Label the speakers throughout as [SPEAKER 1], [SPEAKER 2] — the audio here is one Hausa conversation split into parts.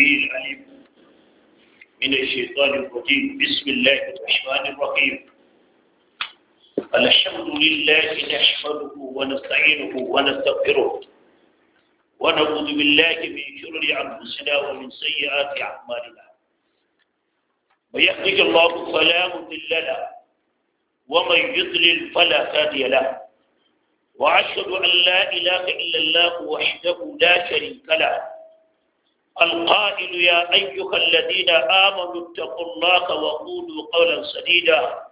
[SPEAKER 1] السميع العليم من الشيطان الرجيم بسم الله الرحمن الرحيم الحمد لله نحمده ونستعينه ونستغفره ونعوذ بالله من شرور انفسنا ومن سيئات اعمالنا من يهدك الله فلا مضل له ومن يضلل فلا هادي له واشهد ان لا اله الا الله وحده لا شريك له القائل يا أيها الذين آمنوا اتقوا الله وقولوا قولا سديدا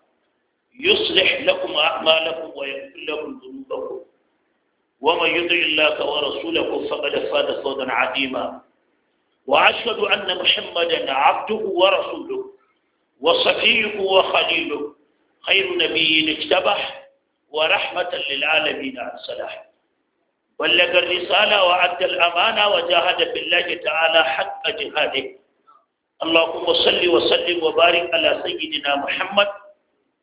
[SPEAKER 1] يصلح لكم أعمالكم ويغفر لكم ذنوبكم ومن يطع الله ورسوله فقد فاز فوزا عظيما وأشهد أن محمدا عبده ورسوله وصفيه وخليله خير نبي اجتبح ورحمة للعالمين عن سلاح بلغ الرسالة وعد الأمانة وجاهد بالله تعالى حق جهاده اللهم صل وسلم وبارك على سيدنا محمد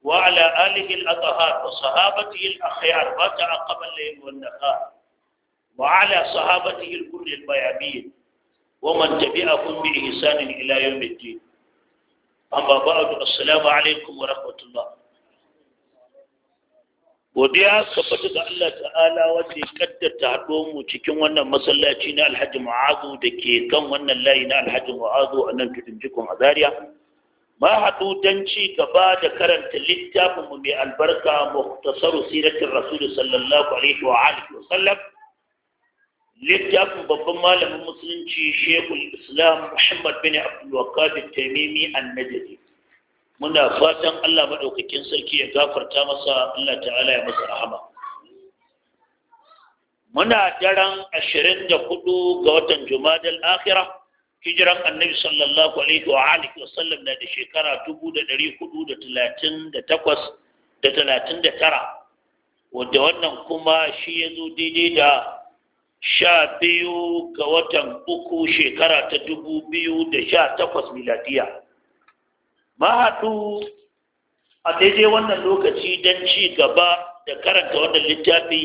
[SPEAKER 1] وعلى آله الأطهار وصحابته الأخيار ما تعقب الليل والنهار وعلى صحابته الكل البيامين ومن تبعهم بإحسان إلى يوم الدين أما بعد السلام عليكم ورحمة الله godiya ka fata ga Allah ta'ala wanda ya kaddata haɗo mu cikin wannan masallaci na alhaji ma'azu da ke kan wannan layi na alhaji ma'azu a nan tudun jikon a Zariya. ma haɗu don ci gaba da karanta littafin mu mai albarka muhtasaru siratin rasulu sallallahu alaihi wa alihi wa sallam littafin babban malamin musulunci shekul islam muhammad bin abdul wakabi tamimi an muna fatan Allah maɗaukakin sarki ya gafarta masa Allah ta'ala ya masa rahama muna daren ashirin da hudu ga watan jumadal akhira hijiran annabi sallallahu alaihi wa alihi wa sallam na da shekara dubu da ɗari hudu da talatin da takwas da talatin da tara wadda wannan kuma shi ya zo daidai da sha biyu ga watan uku shekara ta dubu biyu da sha takwas miladiya mahaɗu a daidai wannan lokaci don ci gaba da karanta wannan littafi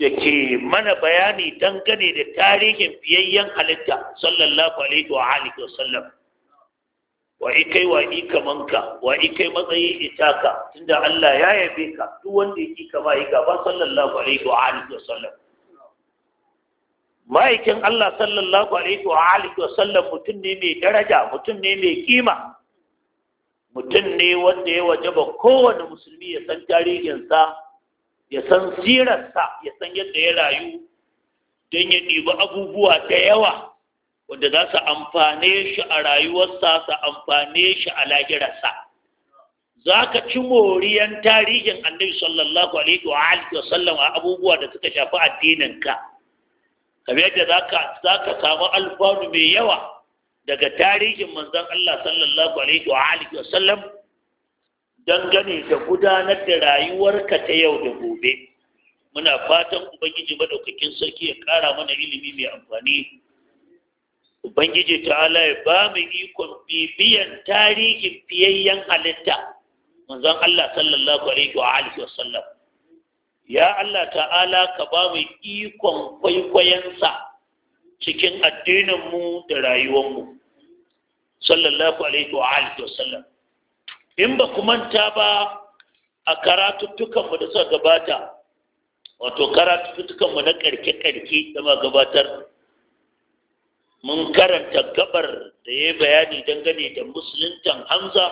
[SPEAKER 1] da ke mana bayani dangane da tarihin fiyayyen halitta sallallahu alaihi wa alihi wasallam wa ikai wa ikamanka wa ikai matsayi itaka tunda Allah ya yabe ka duk wanda yake kama yi gaba sallallahu alaihi wa alihi wasallam ma'aikin Allah sallallahu alaihi wa alihi wa sallam mutum ne mai daraja mutum ne mai kima mutum ne wanda ya wajaba kowane musulmi ya san tarihinsa ya san sirarsa ya san yadda ya rayu don ya ɗiba abubuwa da yawa wanda za su amfane shi a rayuwarsa su amfane shi a lahirarsa za ka ci moriyan tarihin annabi sallallahu alaihi wa alihi wa sallam a abubuwa da suka shafi addininka kamar yadda za ka samu alfanu mai yawa daga tarihin manzon Allah sallallahu alaihi wa alihi wa sallam dangane da gudanar da rayuwarka ta yau da gobe muna fatan ubangiji madaukakin sarki ya ƙara mana ilimi mai amfani ubangiji ta'ala ya ba mu ikon bibiyan tarihin fiyayyen halitta manzon Allah sallallahu alaihi wa alihi wa sallam ya Allah ta'ala ka ba mu ikon kwaikwayonsa cikin addininmu da rayuwanmu sallallahu alaihi wa alihi wasallam in ba ku manta ba a karatuttukanmu da suka gabata wato karatuttukanmu na karke-karke da ma gabatar mun karanta gabar da ya bayani dangane da musuluntan hamza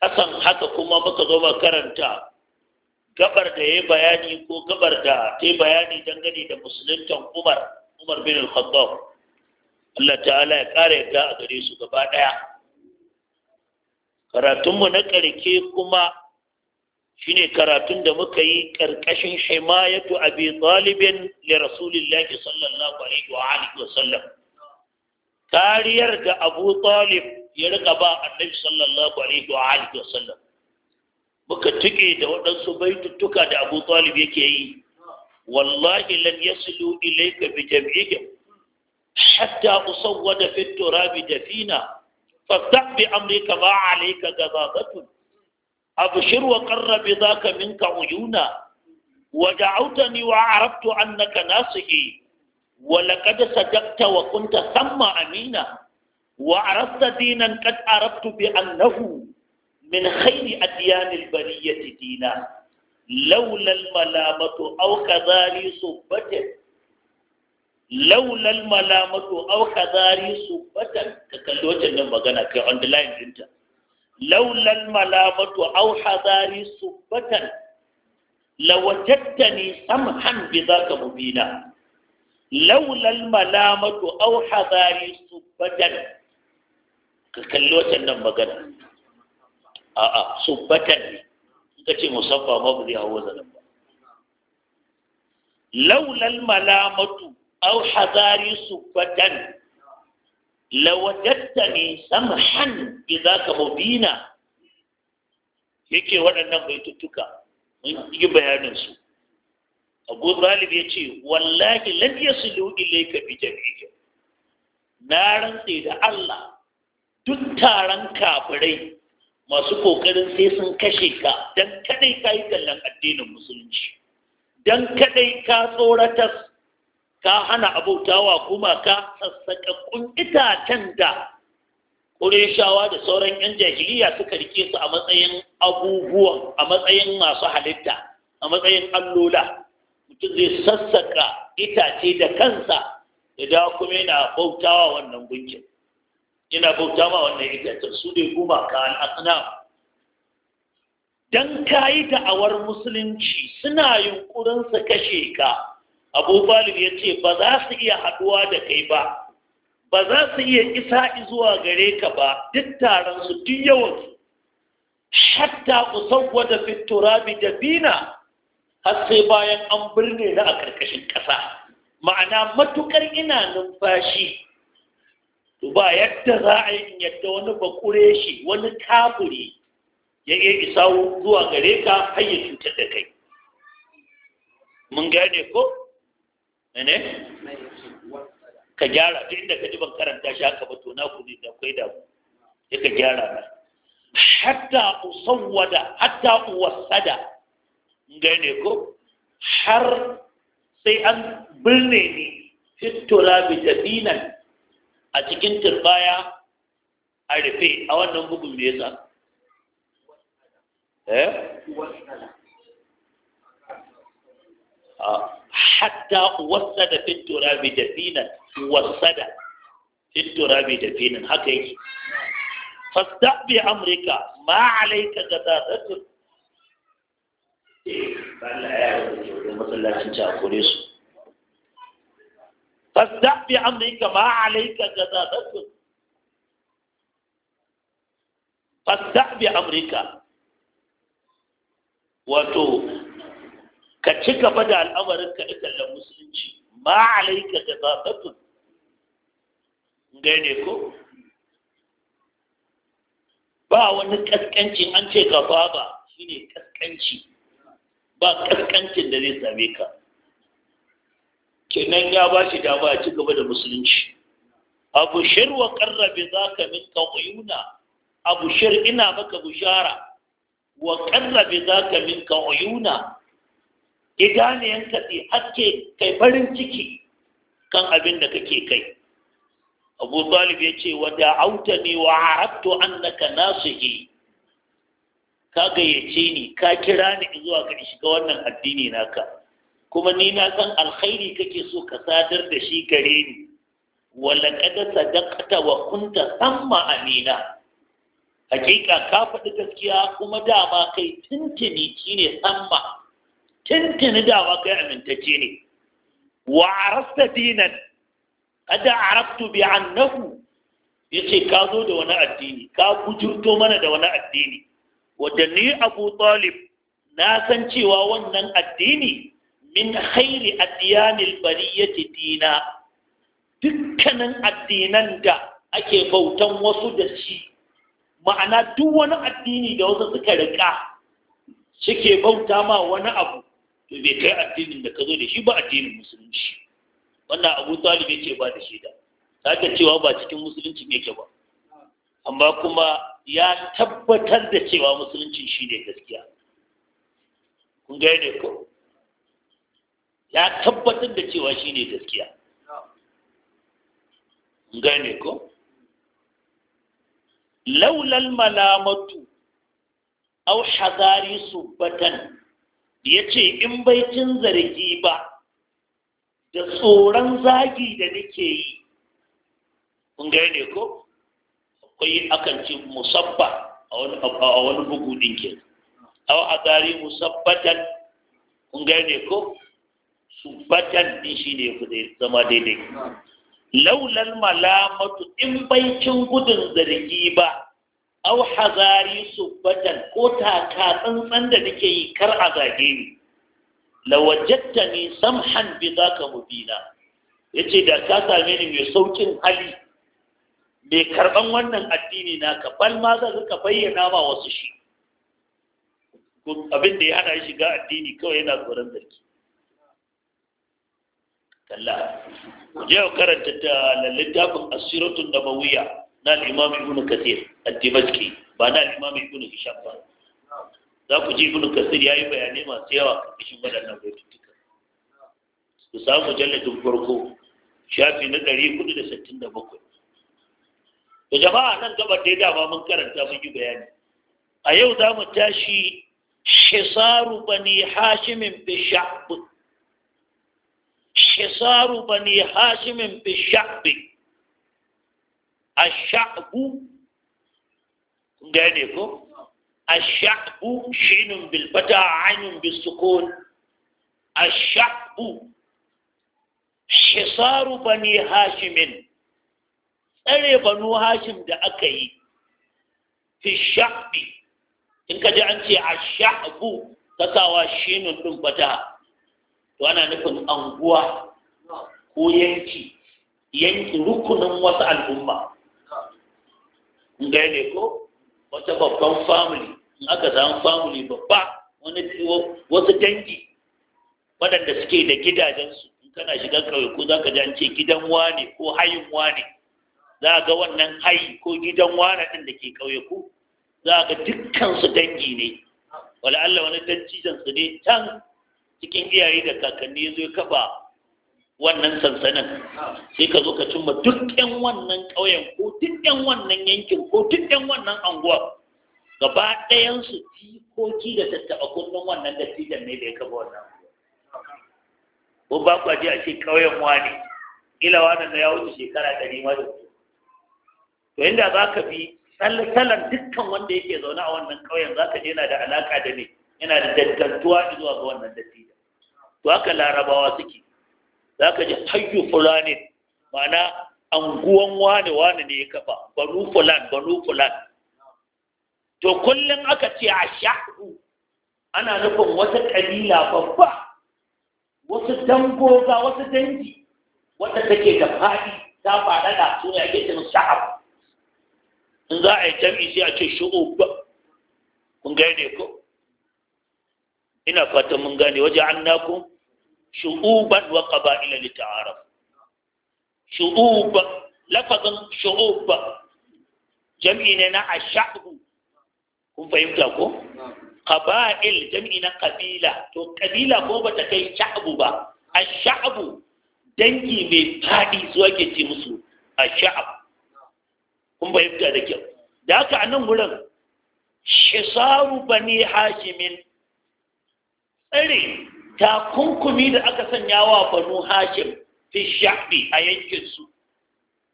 [SPEAKER 1] ƙasan haka kuma muka zo karanta gabar da ya bayani ko gabar da ta bayani dangane da musuluntan Umar Umar bin Al-Khattab Allah ta'ala ya kare yadda a gare su gaba daya karatunmu na karke kuma shine karatun da muka yi karkashin himayatu abi talibin li rasulillahi sallallahu alaihi wa alihi wa sallam kariyar da abu talib ya riga ba annabi sallallahu alaihi wa alihi wa sallam muka tuke da waɗansu baitutuka da abu talib yake yi wallahi lan yasilu ilayka bi jam'ika hatta usawwada fi turab dafina fasta bi amrika ma alayka gazabatun abshir wa qarrab dhaka minka uyuna waja'utani wa araftu annaka nasihi wa laqad sadaqta wa kunta thamma amina wa arasta dinan qad araftu bi annahu من خير أديان البرية دينا لولا الملامة أو كذاري صبتا لولا الملامة أو كذاري صبتا تكلوت النمى مغانا كي عند لاين انت لولا الملامة أو حذاري صبتا لوجدتني سمحا بذاك مبينا لولا الملامة أو حذاري صبتا تكلوت النمى مغانا a'a subbatan ne suka ce musaffa ma ba zai hawo zanen ba laulal malamatu aw hazari subbatan lawajattani samhan idza mubina yake waɗannan baitutuka mun yi bayanin su abu zalib ya ce wallahi lan yaslu ilayka bi jami'a. na rantse da Allah duk taron kafirai masu kokarin sai sun kashe ka Dan kadai ka yi kallon addinin musulunci Dan kadai ka tsoratar ka hana abautawa kuma ka sassaƙaƙƙun itacen da ƙurishawa da sauran 'yan jahiliya suka rike su a matsayin abubuwan a matsayin masu halitta a matsayin allola mutum zai sassaƙa itace da kansa da kuma yana bautawa wannan gunkin Ina bauta ma wannan itacen su ne ka al'asna dan kayi da'awar musulunci suna yunkurin su kashe ka abu balib ya ce ba za su iya haɗuwa da kai ba ba za su iya isa zuwa gare ka ba duk taron su duk yawan su hatta ku sauwada fiturabi da bina har sai bayan an birne na a ƙarƙashin ƙasa ma'ana matukar ina numfashi to ba yadda za a yi yadda wani bakure shi wani kafuri ya iya isa zuwa gare ka har ya cutar da kai mun gane ko ne ka gyara duk inda ka ji ban karanta shi haka ba to na ku da kai da ya ka gyara ba hatta usawwada hatta uwassada gane ko har sai an birne ni fitola bi dabinan a cikin turbaya a rufe a wannan bugun me yasa eh hatta wasada fi turabi dafinan wasada fi turabi dafina haka yake fasda bi amrika ma alayka gadatun balla ya rubuta masallacin ta kore su فاستع بأمرك ما عليك جنابته فاستع بأمرك wato ka ci gaba da al'amarin ka da musulunci ma alaika da zaɓatun gane ko ba wani kaskanci an ce gaba ba shi ne kaskanci ba kaskancin da zai same ka kenan ya ba shi dama ya ci gaba da musulunci abu shir wa karrabe za ka min kawayuna abu shir ina maka bushara wa karrabe za ka min kawayuna idaniyan ka tsi kai farin ciki kan abin da kake kai abu talib ya ce wa da'auta ni wa arabtu annaka nasihi ka gayyace ni ka kira ni zuwa ka shiga wannan addini naka kuma ni na san alkhairi kake so ka sadar da shi gare ni wala kada sadaqta wa kunta samma amina hakika ka faɗi gaskiya kuma dama kai tuntuni shine samma tuntuni dama kai amintacce ne wa arasta dinan kada araftu bi annahu yace ka zo da wani addini ka bujurto mana da wani addini wadda ni abu talib na san cewa wannan addini min khairi addiyanil bariyati dina dukkanin addinan da ake bautan wasu da shi ma'ana duk wani addini da wasu suka riƙa suke bauta ma wani abu to bai kai addinin da ka zo da shi ba addinin musulunci wannan abu talib ce ba da shaida ta cewa ba cikin musulunci yake ba amma kuma ya tabbatar da cewa musulunci shi ne gaskiya kun gane ko ya tabbatar da cewa shi ne gaskiya gane ko laulal malamatu au hazari subbatan ya ce in cin zargi ba da tsoron zagi da nake yi gane ko akwai akan ce musabba a wani bugu ɗinke ke au hazari musabbatan gane ko subbatan din shi ne ku zama daidai laulal malamatu in cin gudun zargi ba au hazari subbatan ko taka tsantsan da nake yi kar a zage ni lawajatta ni samhan bi zaka mubina yace da ka same ni mai saukin hali mai karban wannan addini na bal ma zan ka bayyana ma wasu shi abin da ya hana shiga addini kawai yana tsoron zargi kalla je ka karanta da littafin asiratun nabawiya na imam ibn kathir at-tibaski ba na imam ibn hisham ba za ku ji ibn kathir yayi bayanai masu yawa karkashin waɗannan baitutuka ku samu duk farko shafi na 467 to jama'a nan gabar da dama mun karanta mun yi bayani a yau za mu tashi shisaru bani hashimin bi hisaru bani hashimin fi sha'bi ash-sha'bu gane ko ash-sha'bu shinun bil fata ainun bis sukun ash-sha'bu hisaru bani hashimin tsare banu hashim da aka yi fi in ka ji an ce ash-sha'bu shinun din fata to ana nufin anguwa ko yanki yanki rukunin wasu al'umma ne ko wata babban family in aka samu family babba wani wasu dangi waɗanda suke da gidajensu in kana shiga ƙauye ko za ka ji an ce gidan wane ko hayin wane za ga wannan hayi ko gidan wane ɗin da ke ƙauye ku za ga dukkan su dangi ne wala Allah wani dattijan su ne can cikin iyaye da kakanni zai zo kafa wannan sansanin sai ka zo ka cimma duk ɗan wannan ƙauyen ko duk ɗan wannan yankin ko duk ɗan wannan anguwa gaba ɗayansu tikoki da tattaɓa kunnen wannan dattijan ne da ya kafa wannan ko ba ku ji a ce ƙauyen wani ila wannan da ya wuce shekara ɗari ma da to inda za ka bi tsallalan dukkan wanda yake zaune a wannan ƙauyen za ka je yana da alaƙa da ne yana da dangantuwa zuwa ga wannan dattijan to haka larabawa suke za ka ji hayyu fulanin ma'ana anguwan wane wane ne ya kafa banu fulan banu fulan to kullum aka ce a sha'u ana nufin wata ƙabila babba wasu dangoga wasu dangi wata take da faɗi ta fada da su ne ake cin sha'ab in za a yi jam'i sai a ce ba kun gane ko ina fatan mun gane waje an ku shu'uban wa qaba'ila jam'i ne na ashabu kun fahimta ko qaba'il jam'i na kabila to kabila ko bata kai sha'abu ba ashabu dangi mai fadi su ake ce musu ashab fahimta da haka a nan wurin shisaru bani hashimin takunkumi da aka sanya wa banu hashim fi sha'bi a yankinsu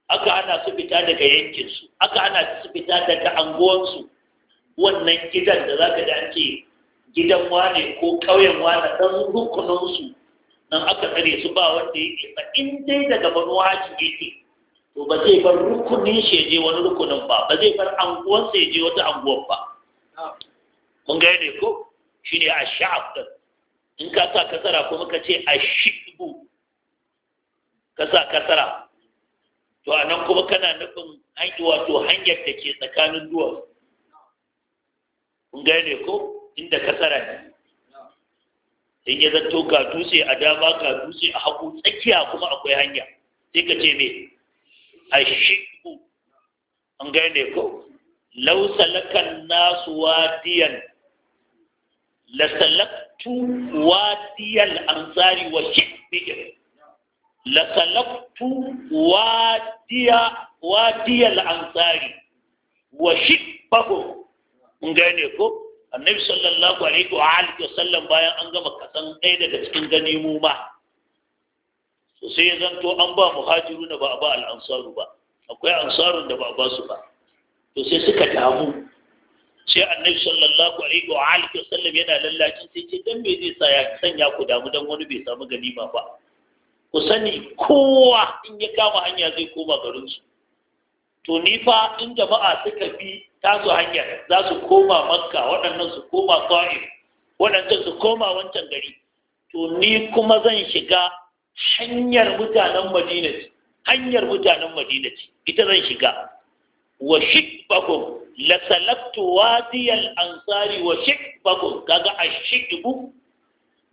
[SPEAKER 1] aka ana su fita daga yankinsu aka ana su fita daga anguwansu wannan gidan da za ka da ce gidan wane ko ƙauyen wane ɗan rukuninsu nan aka tsare su ba wanda ya ke in dai daga banu hashim yake to ba zai bar rukunin shi je wani rukunin ba ba zai bar anguwansa ya je wata anguwan ba mun gane ne ko shine a sha'ab din in ka sa kasara kuma ka ce a shibu ka sa kasara to a nan kuma kana nufin hanki wato hanyar da ke tsakanin duwatsu kun gane ko inda kasara ne in yi zato ka dutse a dama ka dutse a hagu tsakiya kuma akwai hanya sai ka ce me a shibu an gane ko lakan nasu wadiyan la salaktu wasiyal ansari wa shibbihim la salaktu wadiya wadiyal ansari wa shibbahum mun gane ko bayan an gama kasan ɗaya daga cikin ganimu ma to sai ya zanto an ba muhajiru da ba a ba ba akwai ansarin da ba ba su ba sai suka damu sai annabi sallallahu alaihi wa alihi wasallam yana lallacin sai ce dan me zai sa ya sanya ku damu dan wani bai samu ganima ba ku sani kowa in ya kama hanya zai koma garin su to ni fa in jama'a suka bi tasu hanya za su koma makka waɗannan su koma ta'if waɗancan su koma wancan gari to ni kuma zan shiga hanyar mutanen madina hanyar mutanen madina ita zan shiga wa shibbakum la salaktu wadiyal ansari wa shikbakum kaga ashikbu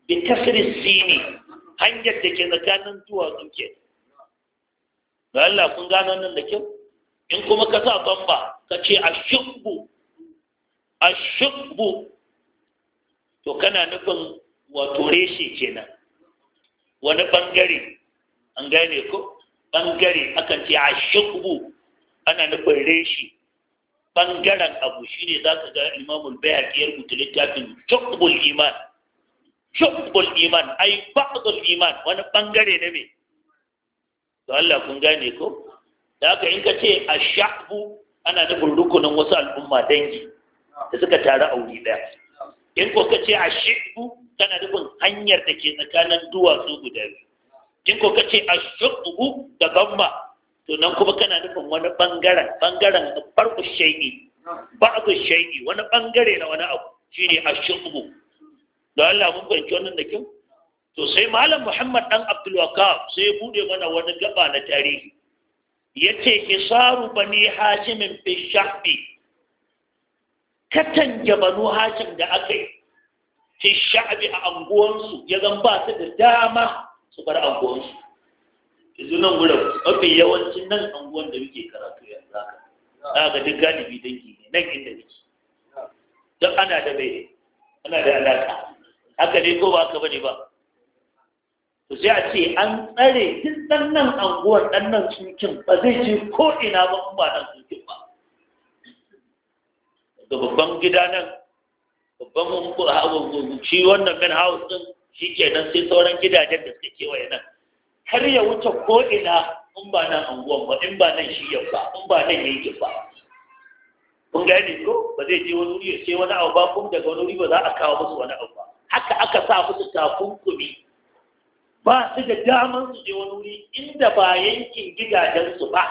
[SPEAKER 1] bi kasri sini hanyar da ke tsakanin duwatsu ke ga Allah kun gano nan da kyau in kuma ka sa bamba ka ce ashikbu ashikbu to kana nufin wato reshe kenan wani bangare an gane ko bangare akan ce ashikbu ana nufin reshe bangaren abu shine za ka ga imamul bayaki ya rubuta littafin shukbul iman shukbul iman ai ba'adul iman wani bangare na mai to Allah kun gane ko da haka in ka ce a shabu ana nufin rukunin wasu al'umma dangi da suka taru a wuri ɗaya in ko ka ce a shibu tana nufin hanyar da ke tsakanin duwatsu guda biyu in ko ka ce a shubu da gamma to nan kuma kana nufin wani bangaren bangaren farko shay'i ba'du shay'i wani bangare na wani abu shine ashubu da Allah mun fahimci wannan da kin to sai malam Muhammad dan Abdul wakaf sai ya bude mana wani gaba na tarihi yace hisaru bani Hashim fi shahbi Katan jabanu Hashim da aka yi fi sha'bi a anguwansu ya zan ba su da dama su bar anguwansu yanzu nan gurin mafi yawancin nan anguwan da muke karatu yanzu haka za ga duk galibi dangi ne nan inda muke don ana da bai ana da alaka haka ne ko ba ka bane ba to sai a ce an tsare duk ɗan nan anguwan ɗan nan tsukin ba zai ce ko ina ba in ba nan cikin ba da babban gida nan babban shi wannan min house din shi kenan sai sauran gidajen da suke kewaye nan kar ya wuce ko ina in ba nan anguwan ba in ba nan shi ba in ba nan yankin ba kun ni ko ba zai je wani wuri ya ce wani abu ba kun daga wani wuri ba za a kawo musu wani abu ba haka aka sa musu takunkumi ba su da daman su je wani wuri inda ba yankin gidajensu ba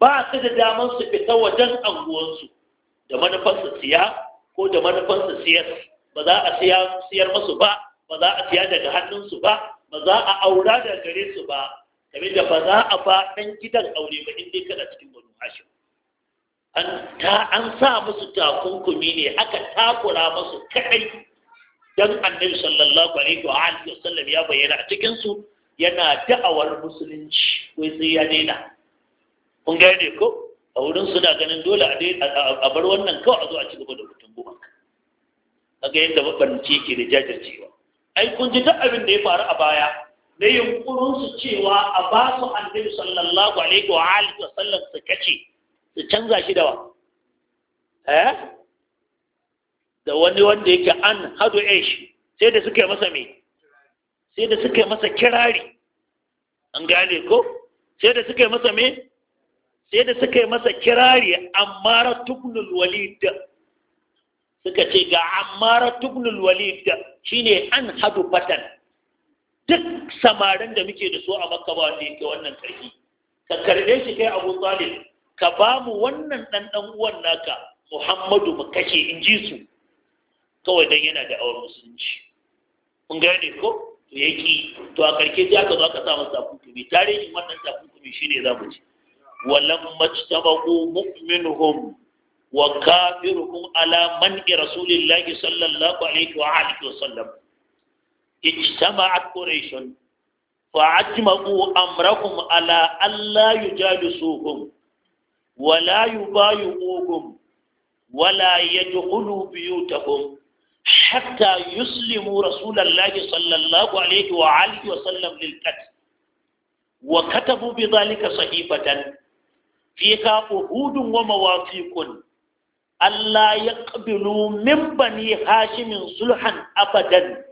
[SPEAKER 1] ba su da daman su fita wajen su da manufar su siya ko da manufar su siyar ba za a siyar masu ba ba za a siya daga hannunsu ba ba za a aura da gare su ba kamar da ba za a ba ɗan gidan aure ba inda dai cikin wani hashim an ta an sa musu takunkumi ne aka takura musu kaɗai dan annabi sallallahu alaihi wa alihi wasallam ya bayyana a cikin su yana da'awar musulunci wai sai ya daina kun gane ko a wurin suna ganin dole a bar wannan kawai a zo a ci gaba da mutum goma ga yadda mabarci ke da jajircewa ai kun ji duk abin da ya faru a baya da yunkurin su cewa a ba su annabi sallallahu alaihi wa alihi wa sallam su kace su canza shi da wa eh da wani wanda yake an hadu aishi sai da suka yi masa me sai da suke masa kirari an gane ko sai da suka yi masa me sai da suke masa kirari amma ratubnul walid suka ce ga amara tubnul walid shine an hadu fatan duk samarin da muke da su a makka ba wanda yake wannan karfi ka karbe shi kai abu talib ka ba mu wannan dan dan uwan naka muhammadu mu kace in ji su kawai dan yana da awar musulunci kun ne ko to to a karke sai aka zo aka sa masa tare tarihin wannan takunkumi shine zamu ci walamma majtabu mu'minuhum wa kafirukum ala man'i rasulillahi sallallahu alaihi wa alihi wa sallam ijtama'at quraish fa ajma'u amrakum ala alla yujalisuhum wa la yubayuukum wa biyu yadkhulu biyutakum hatta yuslimu rasulallahi sallallahu alaihi wa alihi wa sallam lil qatl wa katabu wa mawafiqun Allah ya ƙabilu min bani hashimin sulhan abadan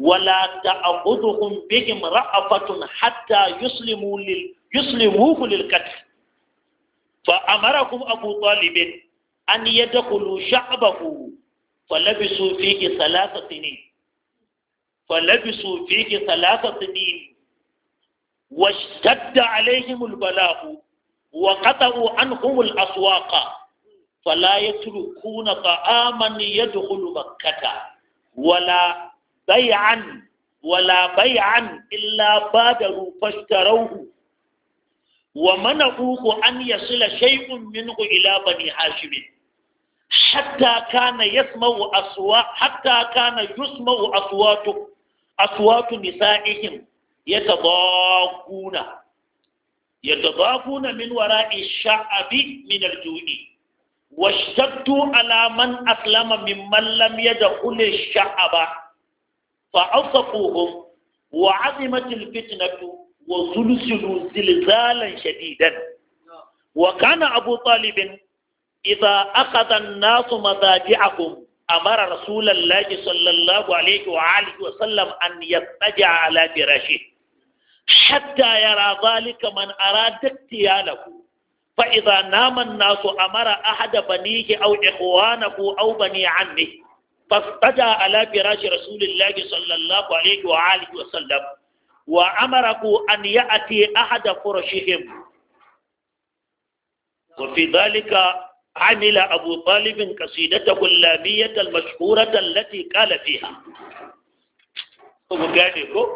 [SPEAKER 1] wala ta'khudhuhum bihim ra'afatun hatta yuslimu lil yuslimu lil qatl fa amarakum abu talib an yadkhulu sha'bahu falabisu fihi thalatha sinin falabisu fihi thalatha sinin washtadda alaihim al bala'u wa qata'u anhum al aswaqa فلا يتركون طعاما يدخل مكة ولا بيعا ولا بيعا إلا بادروا فاشتروه ومنعوه أن يصل شيء منه إلى بني هاشم حتى كان يسمع أصوات حتى كان يسمع أصوات أصوات نسائهم يتضاقون يتضاقون من وراء الشعب من الجوع واشتدت على من أسلم ممن لم يدخل الشعب فعصفوهم وعظمت الفتنة وزلزلوا زلزالا شديدا وكان أبو طالب إذا أخذ الناس مضاجعهم أمر رسول الله صلى الله عليه وآله وسلم أن يضطجع على فراشه حتى يرى ذلك من أراد اغتياله فإذا نام الناس أمر أحد بنيه أو إخوانه أو بني عمه فاستجى على فراش رسول الله صلى الله عليه وآله وسلم وأمره أن يأتي أحد فرشهم وفي ذلك عمل أبو طالب قصيدته اللامية المشهورة التي قال فيها قال لكم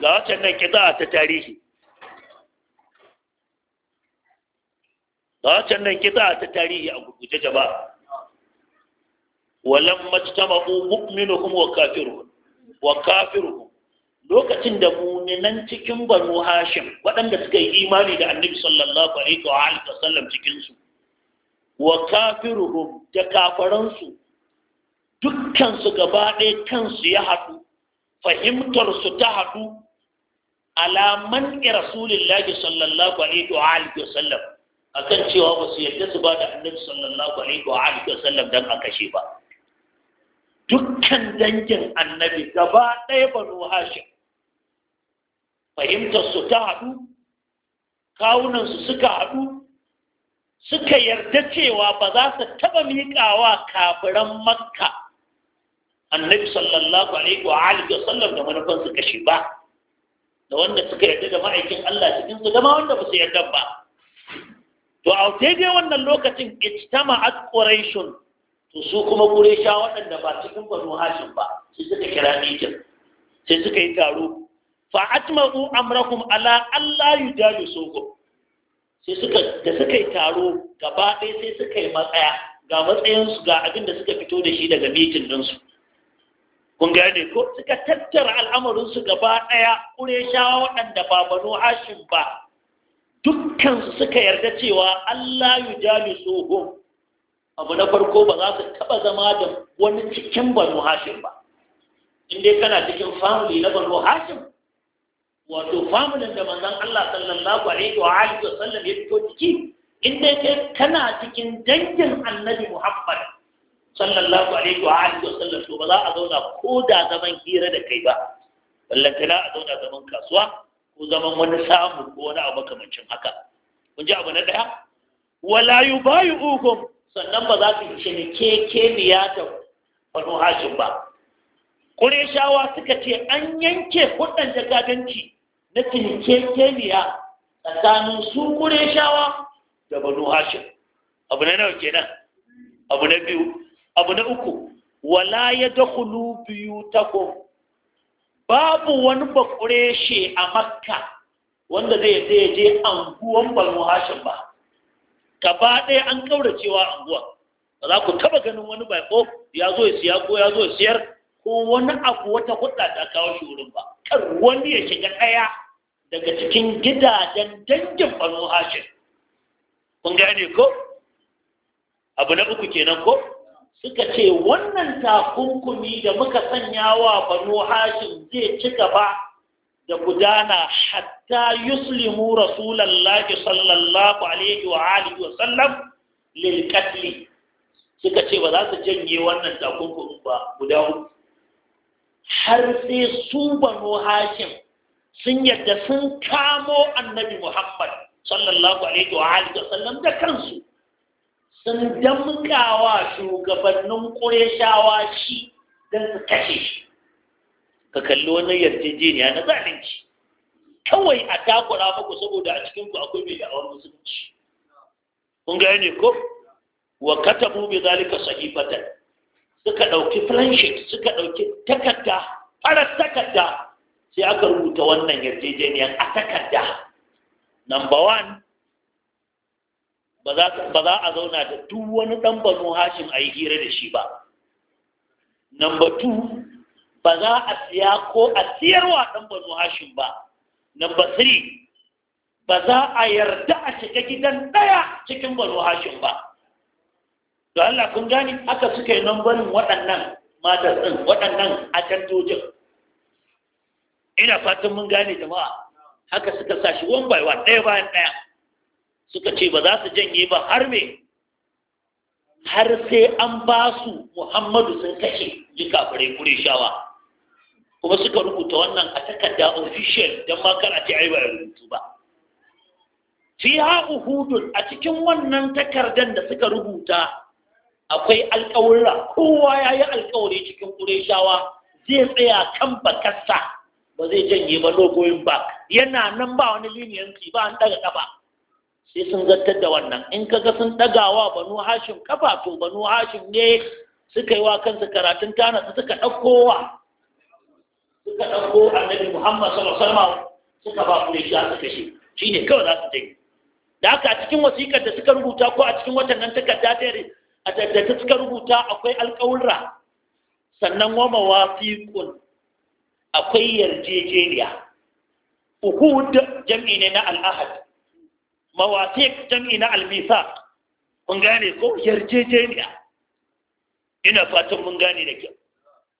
[SPEAKER 1] لا تنكتها تتاريخي ba can nan kita ta tarihi a gurguje jaba walam majtama'u mu'minuhum wa kafiruhum wa kafiruhum lokacin da muminan cikin banu hashim waɗanda suka yi imani da annabi sallallahu alaihi wa alihi sallam cikin su wa kafiruhum da su dukkan su gaba ɗaya kansu ya haɗu fahimtar su ta haɗu alaman rasulillahi sallallahu alaihi wa alihi sallam akan cewa ba su yarda su ba da annabi sallallahu alaihi wa alihi wa sallam dan a kashe ba dukkan dangin annabi gaba ɗaya banu hashim fahimtar su ta haɗu kawunan su suka haɗu suka yarda cewa ba za su taɓa miƙawa kafiran makka annabi sallallahu alaihi wa alihi wa sallam da manufan su kashe ba da wanda suka yarda da ma'aikin Allah cikin su da ma wanda ba su yarda ba to a daidai wannan lokacin at quraishun to su kuma quraisha waɗanda ba cikin banu hashim ba sai suka kira mijin, sai suka yi taro fa atma'u amrakum ala alla yujalisu sai suka da suka yi taro gaba ɗaya sai suka yi matsaya ga matsayinsu ga abin da suka fito da shi daga din su kun gane ko suka tattara su gaba ɗaya ƙureshawa waɗanda ba banu hashim ba dukkansu suka yarda cewa Allah yu jami tsohon abu na farko ba za su taɓa zama da wani cikin banu hashim ba inda kana cikin family na banu hashim wato family da manzan Allah sallallahu alaihi wa alihi sallam ya fito ciki inda kai kana cikin dangin annabi Muhammad sallallahu alaihi wa alihi sallam to ba za a zauna ko da zaman hira da kai ba ballantana a zauna zaman kasuwa ko zaman wani samu ko wani abu makamancin haka kun ji abu na ɗaya wala ukun. sannan ba za su ni ya ta banu hashim ba shawa suka ce an yanke kuɗin jagadanci na ni ya tsakanin su shawa da banu hashim abu na nawa kenan abu na biyu abu na uku wala ya biyu biyutakum babu wani bakure shi a makka wanda zai zai ya je anguwan balmuhashin ba ba ɗaya an cewa anguwan ba za ku taba ganin wani baiko ya zo ya siya ko ya zo ya siyar ko wani abu wata hudda ta kawo shi wurin ba kan wani ya shiga ɗaya daga cikin gidajen dangin banu hashim kun gane ko abu na uku kenan ko suka ce wannan takunkumi da muka sanya wa banu hashim zai ci gaba da gudana hatta yuslimu rasulallahi sallallahu alaihi wa alihi wa sallam lil qatl suka ce ba za su janye wannan takunkumi ba guda uku har sai su banu hashim sun yadda sun kamo annabi muhammad sallallahu alaihi wa alihi wa sallam da kansu sun damkawa shugabannin ƙureshawa shi don su kashe shi ka kalli wani yarjejeniya na zalunci kawai a takura muku saboda a cikinku akwai mai da'awar musulunci kun ga ne ko wa kata mu bi zalika sahifatan suka dauki planshit suka dauki takarda farar takarda sai aka rubuta wannan yarjejeniyar a takarda number one ba za a zauna da duk wani ɗan banu hashim a yi hira da shi ba Namba two ba za a siya ko a siyarwa ɗan banu hashim ba Namba three ba za a yarda a shiga gidan ɗaya cikin banu hashim ba To Allah kun gani haka suka yi nambarin waɗannan matar ɗin waɗannan ajandojin ina fatan mun gane jama'a haka suka sa shi one by one ɗaya bayan ɗaya suka ce ba za su janye ba har me har sai an ba su muhammadu sun kashe ji kure shawa kuma suka rubuta wannan a takarda official don ma a ce ai ba rubutu ba fiha uhudun a cikin wannan takardan da suka rubuta akwai alƙawura kowa ya yi alƙawari cikin kureshawa zai tsaya kan bakarsa ba zai janye ba logoyin ba yana nan ba wani liniyanci ba an daga ƙafa sai sun zartar da wannan in kaga sun ɗagawa banu hashim kafa to banu hashim ne suka yi wa kansu karatun tana suka ɗaukowa suka ɗauko annabi muhammad sallallahu alaihi wasallam suka ba aka kashe? shi ne kawai za su je da haka a cikin wasiƙar da suka rubuta ko a cikin watan nan takarda ta a takarda suka rubuta akwai alƙawurra sannan wama wasiqun akwai yarjejeniya uhud jam'i ne na al'ahad mawafiq jam'i na almisa mun gane ko yarjejeniya ina fatan mun gane da kyau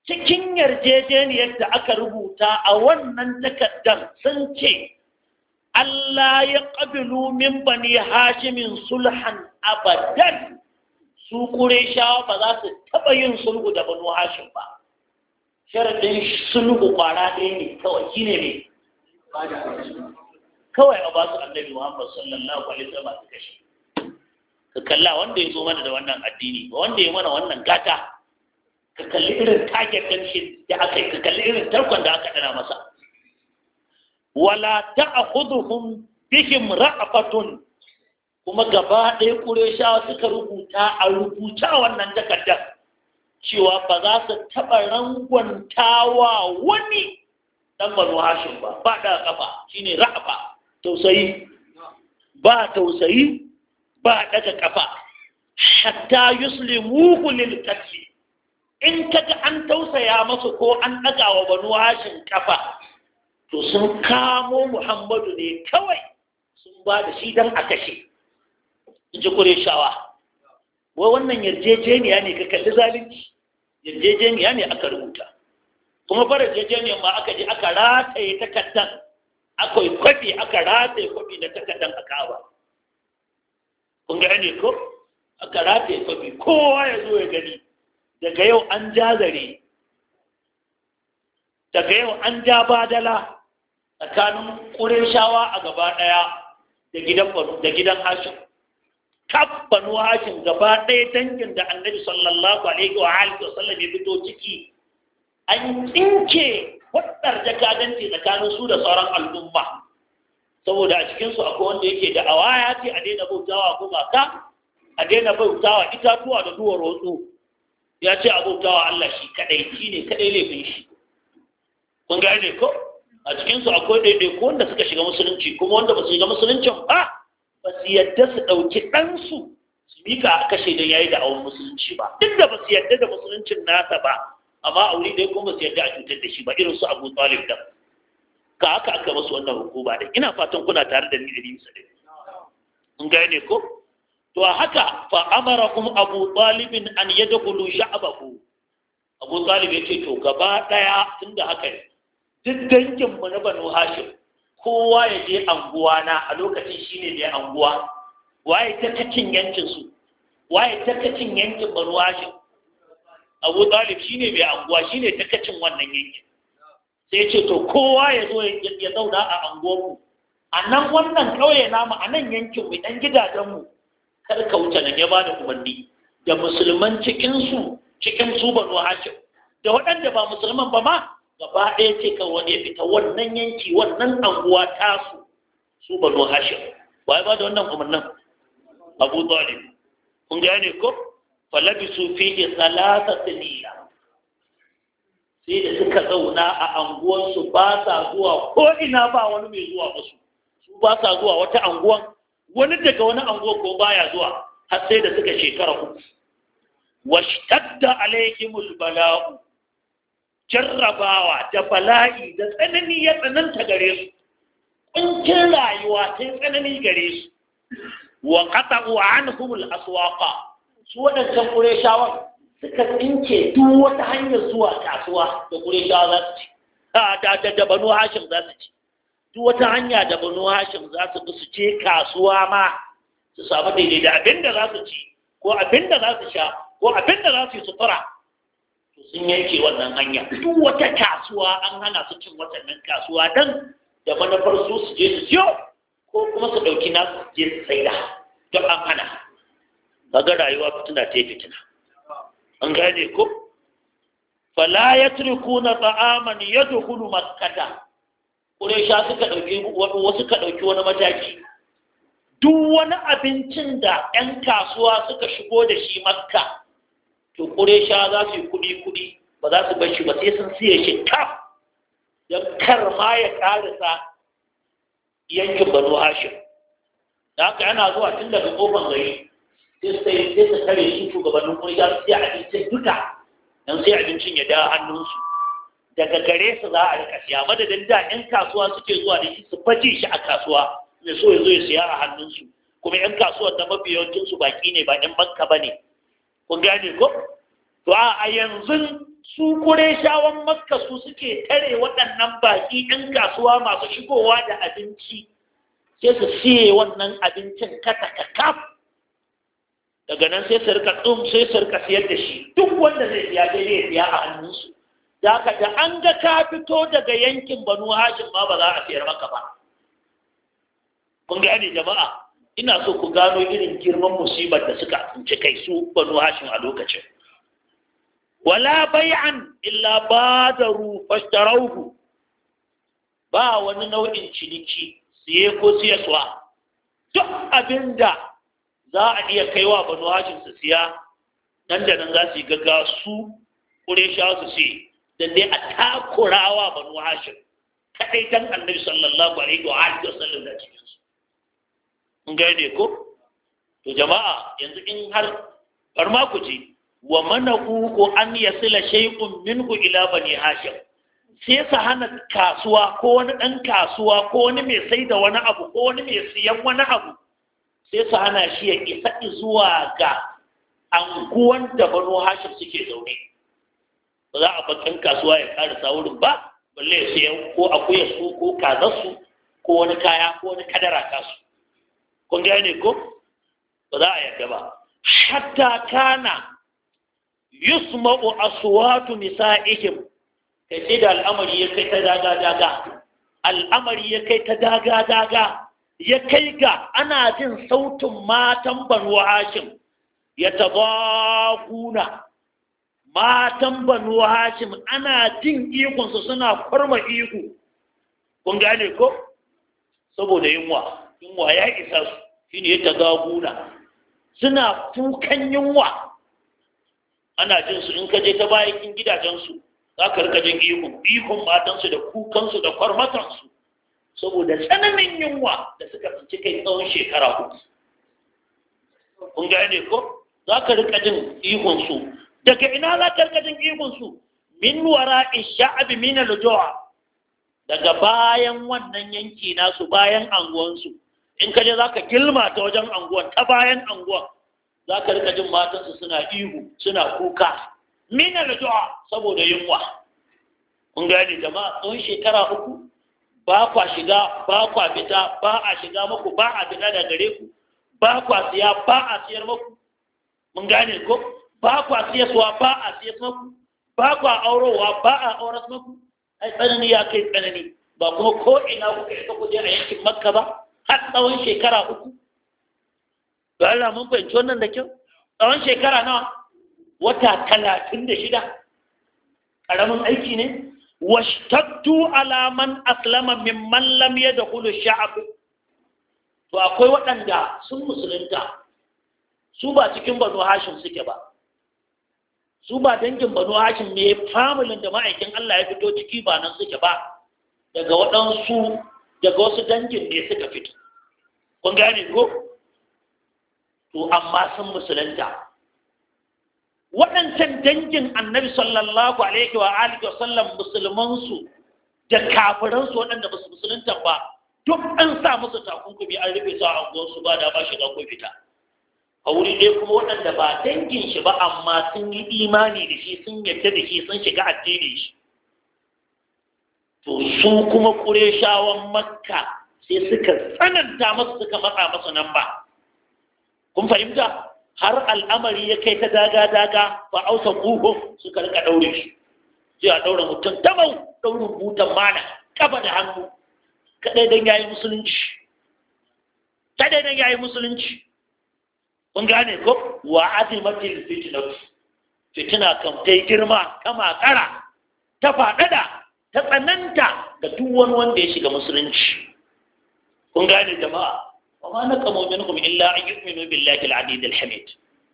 [SPEAKER 1] cikin yarjejeniyar da aka rubuta a wannan takardar sun ce Allah ya ƙabilu min bani hashimin sulhan abadan su shawa ba za su taɓa yin sulhu da banu hashim ba sharaɗin sulhu ƙwara ɗaya ne kawai shi ne ne kawai a ba su annabi muhammad sallallahu alaihi wasallam su kashe ka kalla wanda ya zo mana da wannan addini ba wanda ya mana wannan gata ka kalli irin target din shi da aka yi ka kalli irin tarkon da aka dana masa wala ta'khudhuhum bihim ra'fatun kuma gaba ɗaya ƙureshawa suka rubuta a rubuta wannan takardar cewa ba za su taɓa rangwantawa wani ɗan banu hashin ba ba da kafa shine ra'fa tausayi ba tausayi ba daga kafa hatta yuslimu kullil qatl in kaga an tausaya masa ko an daga wa banu hashin kafa to sun kamo muhammadu ne kawai sun ba da shi dan a kashe ji wai wannan yarjejeniya ne ka kalli zalunci yarjejeniya ne aka rubuta kuma fara yarjejeniyar ba aka je aka rataye takaddan akwai kwafi aka rataye kwafi na takardar a kaba kun ne ko aka rataye kwafi kowa ya zo ya gani daga yau an ja zare daga yau an ja badala tsakanin shawa a gaba ɗaya da gidan hashin kabbanu hashin gaba ɗaya dangin da annabi sallallahu alaihi wa alihi wasallam ya fito ciki an tsinke hudar jakadanci tsakanin su da sauran al'umma saboda a cikinsu akwai wanda yake da awa ya ce a daina bautawa gumaka a daina bautawa itatuwa da duwar rotsu ya ce a bautawa Allah shi kadai shi ne kadai laifin shi kun ne ko a cikinsu akwai ɗaiɗaiku wanda suka shiga musulunci kuma wanda ba su shiga musuluncin ba ba su yadda su ɗauki ɗansu su mika a kashe don yayi da awon musulunci ba duk da ba su yadda da musuluncin nasa ba amma a wuri dai kuma su yadda a cutar da shi ba irin su abu tsalif da ka haka aka masu wannan hukuma da ina fatan kuna tare da ni da nisa da in ne, ko to a haka fa amara kuma abu tsalifin an da kulu sha'abaku abu tsalif ya ce to gaba ɗaya tun da haka ne duk dangin mu na banu hashim kowa ya je anguwa na a lokacin shi ne anguwa waye ta kacin yankin su waye ta kacin yankin banu hashim abu talib shine mai anguwa shine takacin wannan yankin sai ce to kowa ya zo ya zauna a anguwanmu a nan wannan ƙauye namu a nan yankin mu ɗan gidajenmu kar ka wuce nan ya bada umarni da musulman cikinsu cikin su banu hashim da waɗanda ba musulman ba ma gaba ɗaya ce ka wani ya fita wannan yanki wannan anguwa tasu su banu hashim ba ya bada wannan umarnin abu talib kun gane ko falabisu fihi salata siniya sai da suka zauna a anguwansu ba sa zuwa ko ina ba wani mai zuwa musu su ba sa zuwa wata anguwan wani daga wani anguwan ko baya zuwa har sai da suka shekara uku washtadda alaihimul bala'u jarrabawa da bala'i da tsanani ya tsananta gare su kuncin rayuwa sai tsanani gare su wa qata'u anhum al-aswaqa su waɗancan ƙureshawan suka tsince duk wata hanyar zuwa kasuwa da ƙureshawa za su ci da da banu hashim za su ci duk wata hanya da banu hashim za su bi su ce kasuwa ma su samu daidai da abin da za su ci ko abin da za su sha ko abin da za su yi sutura sun yanke wannan hanya duk wata kasuwa an hana su cin watannin kasuwa dan da manufar su su je su siyo ko kuma su ɗauki nasu je su saida don an hana kaga rayuwa fitina ta fitina an gane ko fala na ta'aman yadkhulu makkata sha suka ɗauki wasu ka ɗauki wani mataki duk wani abincin da 'yan kasuwa suka shigo da shi makka to ƙuresha za su yi kuɗi-kuɗi ba za su bashi ba sai sun siya shi kaf don kar ma ya ƙarisa yankin banu hashim da haka yana zuwa tun daga ƙofar gari sai sai sai ta tare shi shugabannin kungiya sai abincin duka dan sai abincin ya dawo hannunsu daga gare su za a rika siya madadin da yan kasuwa suke zuwa da shi su baje shi a kasuwa mai so ya zo ya siya a hannunsu kuma yan kasuwar da mafi yawancin su baki ne ba yan banka bane kun gane ko to a yanzu su kure kureshawan makka su suke tare waɗannan baki yan kasuwa masu shigowa da abinci sai su siye wannan abincin kata kakaf daga nan sai su rika tsum sai su siyar da shi duk wanda zai siya sai zai siya a hannunsu da aka da an ga ka fito daga yankin banu hashin ma ba za a siyar maka ba kun gane jama'a ina so ku gano irin girman musibar da suka tsinci kai su banu hashin a lokacin wala bai'an illa badaru fashtarauhu ba wani nau'in ciniki siye ko siyaswa duk abinda za a iya kai wa banu hashim su siya nan da nan za su yi gaggawa su sha su ce dan dai a takurawa banu hashim kadai dan annabi sallallahu alaihi wa alihi wasallam da cikin su in gane ko to jama'a yanzu in har bar ma ku ji wa ku ko an yasila shay'un minhu ila bani hashim sai su hana kasuwa ko wani dan kasuwa ko wani mai sai da wani abu ko wani mai siyan wani abu sai su hana shi ya isa zuwa ga anguwan da banu hashim suke zaune ba za a bakin kasuwa ya karasa wurin ba balle ya sayan ko akuya su ko kazarsu ko wani kaya ko wani kadara kasu kun gane ko ba za a yarda ba hatta kana yusma'u aswatu nisa'ihim kai sai da al'amari ya kai ta daga daga al'amari ya kai ta daga daga ya kai ga ana jin sautin matan banu hashim ya tabakuna matan banu hashim ana jin ikonsu suna kwarma iko kun gane ko saboda yunwa yunwa ya isa su ne ya tabakuna suna kukan yunwa ana jin su in ka je ta bayan gidajensu za ka rika jin ikon ikon matansu da kukansu da kwarmatansu saboda tsananin yunwa da suka tsinci kai tsawon shekara uku kun ne ko za ka rika jin ihunsu daga ina za ka rika jin ihunsu min wara abi min al-jawa daga bayan wannan yanki nasu bayan anguwansu in ka je za ka gilma ta wajen anguwan ta bayan anguwan za ka rika jin matansu suna ihu suna kuka min al saboda yunwa kun ne jama'a tsawon shekara uku ba kwa shiga ba kwa fita ba a shiga muku ba a fita da gare ku ba kwa siya ba a siyar muku mun gane ko ba kwa suwa ba a siyas muku ba kwa aurowa ba a auras muku ai tsanani ya kai tsanani ba kuma ko ina kuka isa kuje a yankin makka ba har tsawon shekara uku da Allah mun fahimci wannan da kyau tsawon shekara nawa wata talatin da shida ƙaramin aiki ne washtattu ala man aslama mimman lam yadkhulu sha'b to akwai waɗanda sun musulunta su ba cikin banu hashim suke ba su ba dangin banu hashim me family da ma'aikin Allah ya fito ciki ba nan suke ba daga waɗansu daga wasu dangin ne suka fito kun gane ko to amma sun musulunta waɗancan dangin annabi sallallahu alaihi wa alihi wasallam musulmansu da kafiransu waɗanda ba su musulunta ba duk an sa musu takunkumi an rufe su a anguwarsu ba da ba shiga ko fita a wuri dai kuma waɗanda ba dangin shi ba amma sun yi imani da shi sun yarda da shi sun shiga addini shi to su kuma ƙureshawan makka sai suka tsananta masu suka matsa masu nan ba kun fahimta har al'amari ya kai ta daga-daga ba ausa ƙuhun su karka ɗaure shi sai a ɗaure mutum tamau ɗaurin hutun mana ƙaba da hannu kaɗai don yayi musulunci kaɗai don yayi musulunci kun gane ko wa mafi fitinar fitina kam ta girma ta ƙara, ta faɗaɗa ta tsananta ga duk wani wanda ya shiga musulunci kun gane jama'a wa ma naqamu minhum illa an yu'minu billahi al-'aziz al-hamid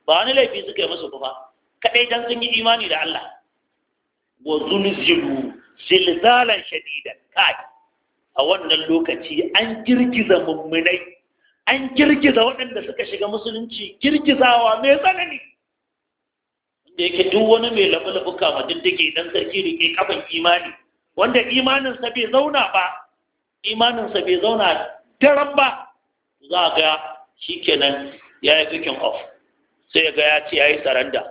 [SPEAKER 1] ba wani laifi suka musu ba kadai dan sun yi imani da Allah wa zulzilu zilzalan shadidan kai a wannan lokaci an girgiza mummunai an girgiza waɗanda suka shiga musulunci girgizawa mai tsanani da yake duk wani mai labu-labu kama diddige dan sarki rike kafan imani wanda imaninsa bai zauna ba imaninsa bai zauna daren ba za ga shi kenan ya yi fikin off sai ga ya ce ya yi saranda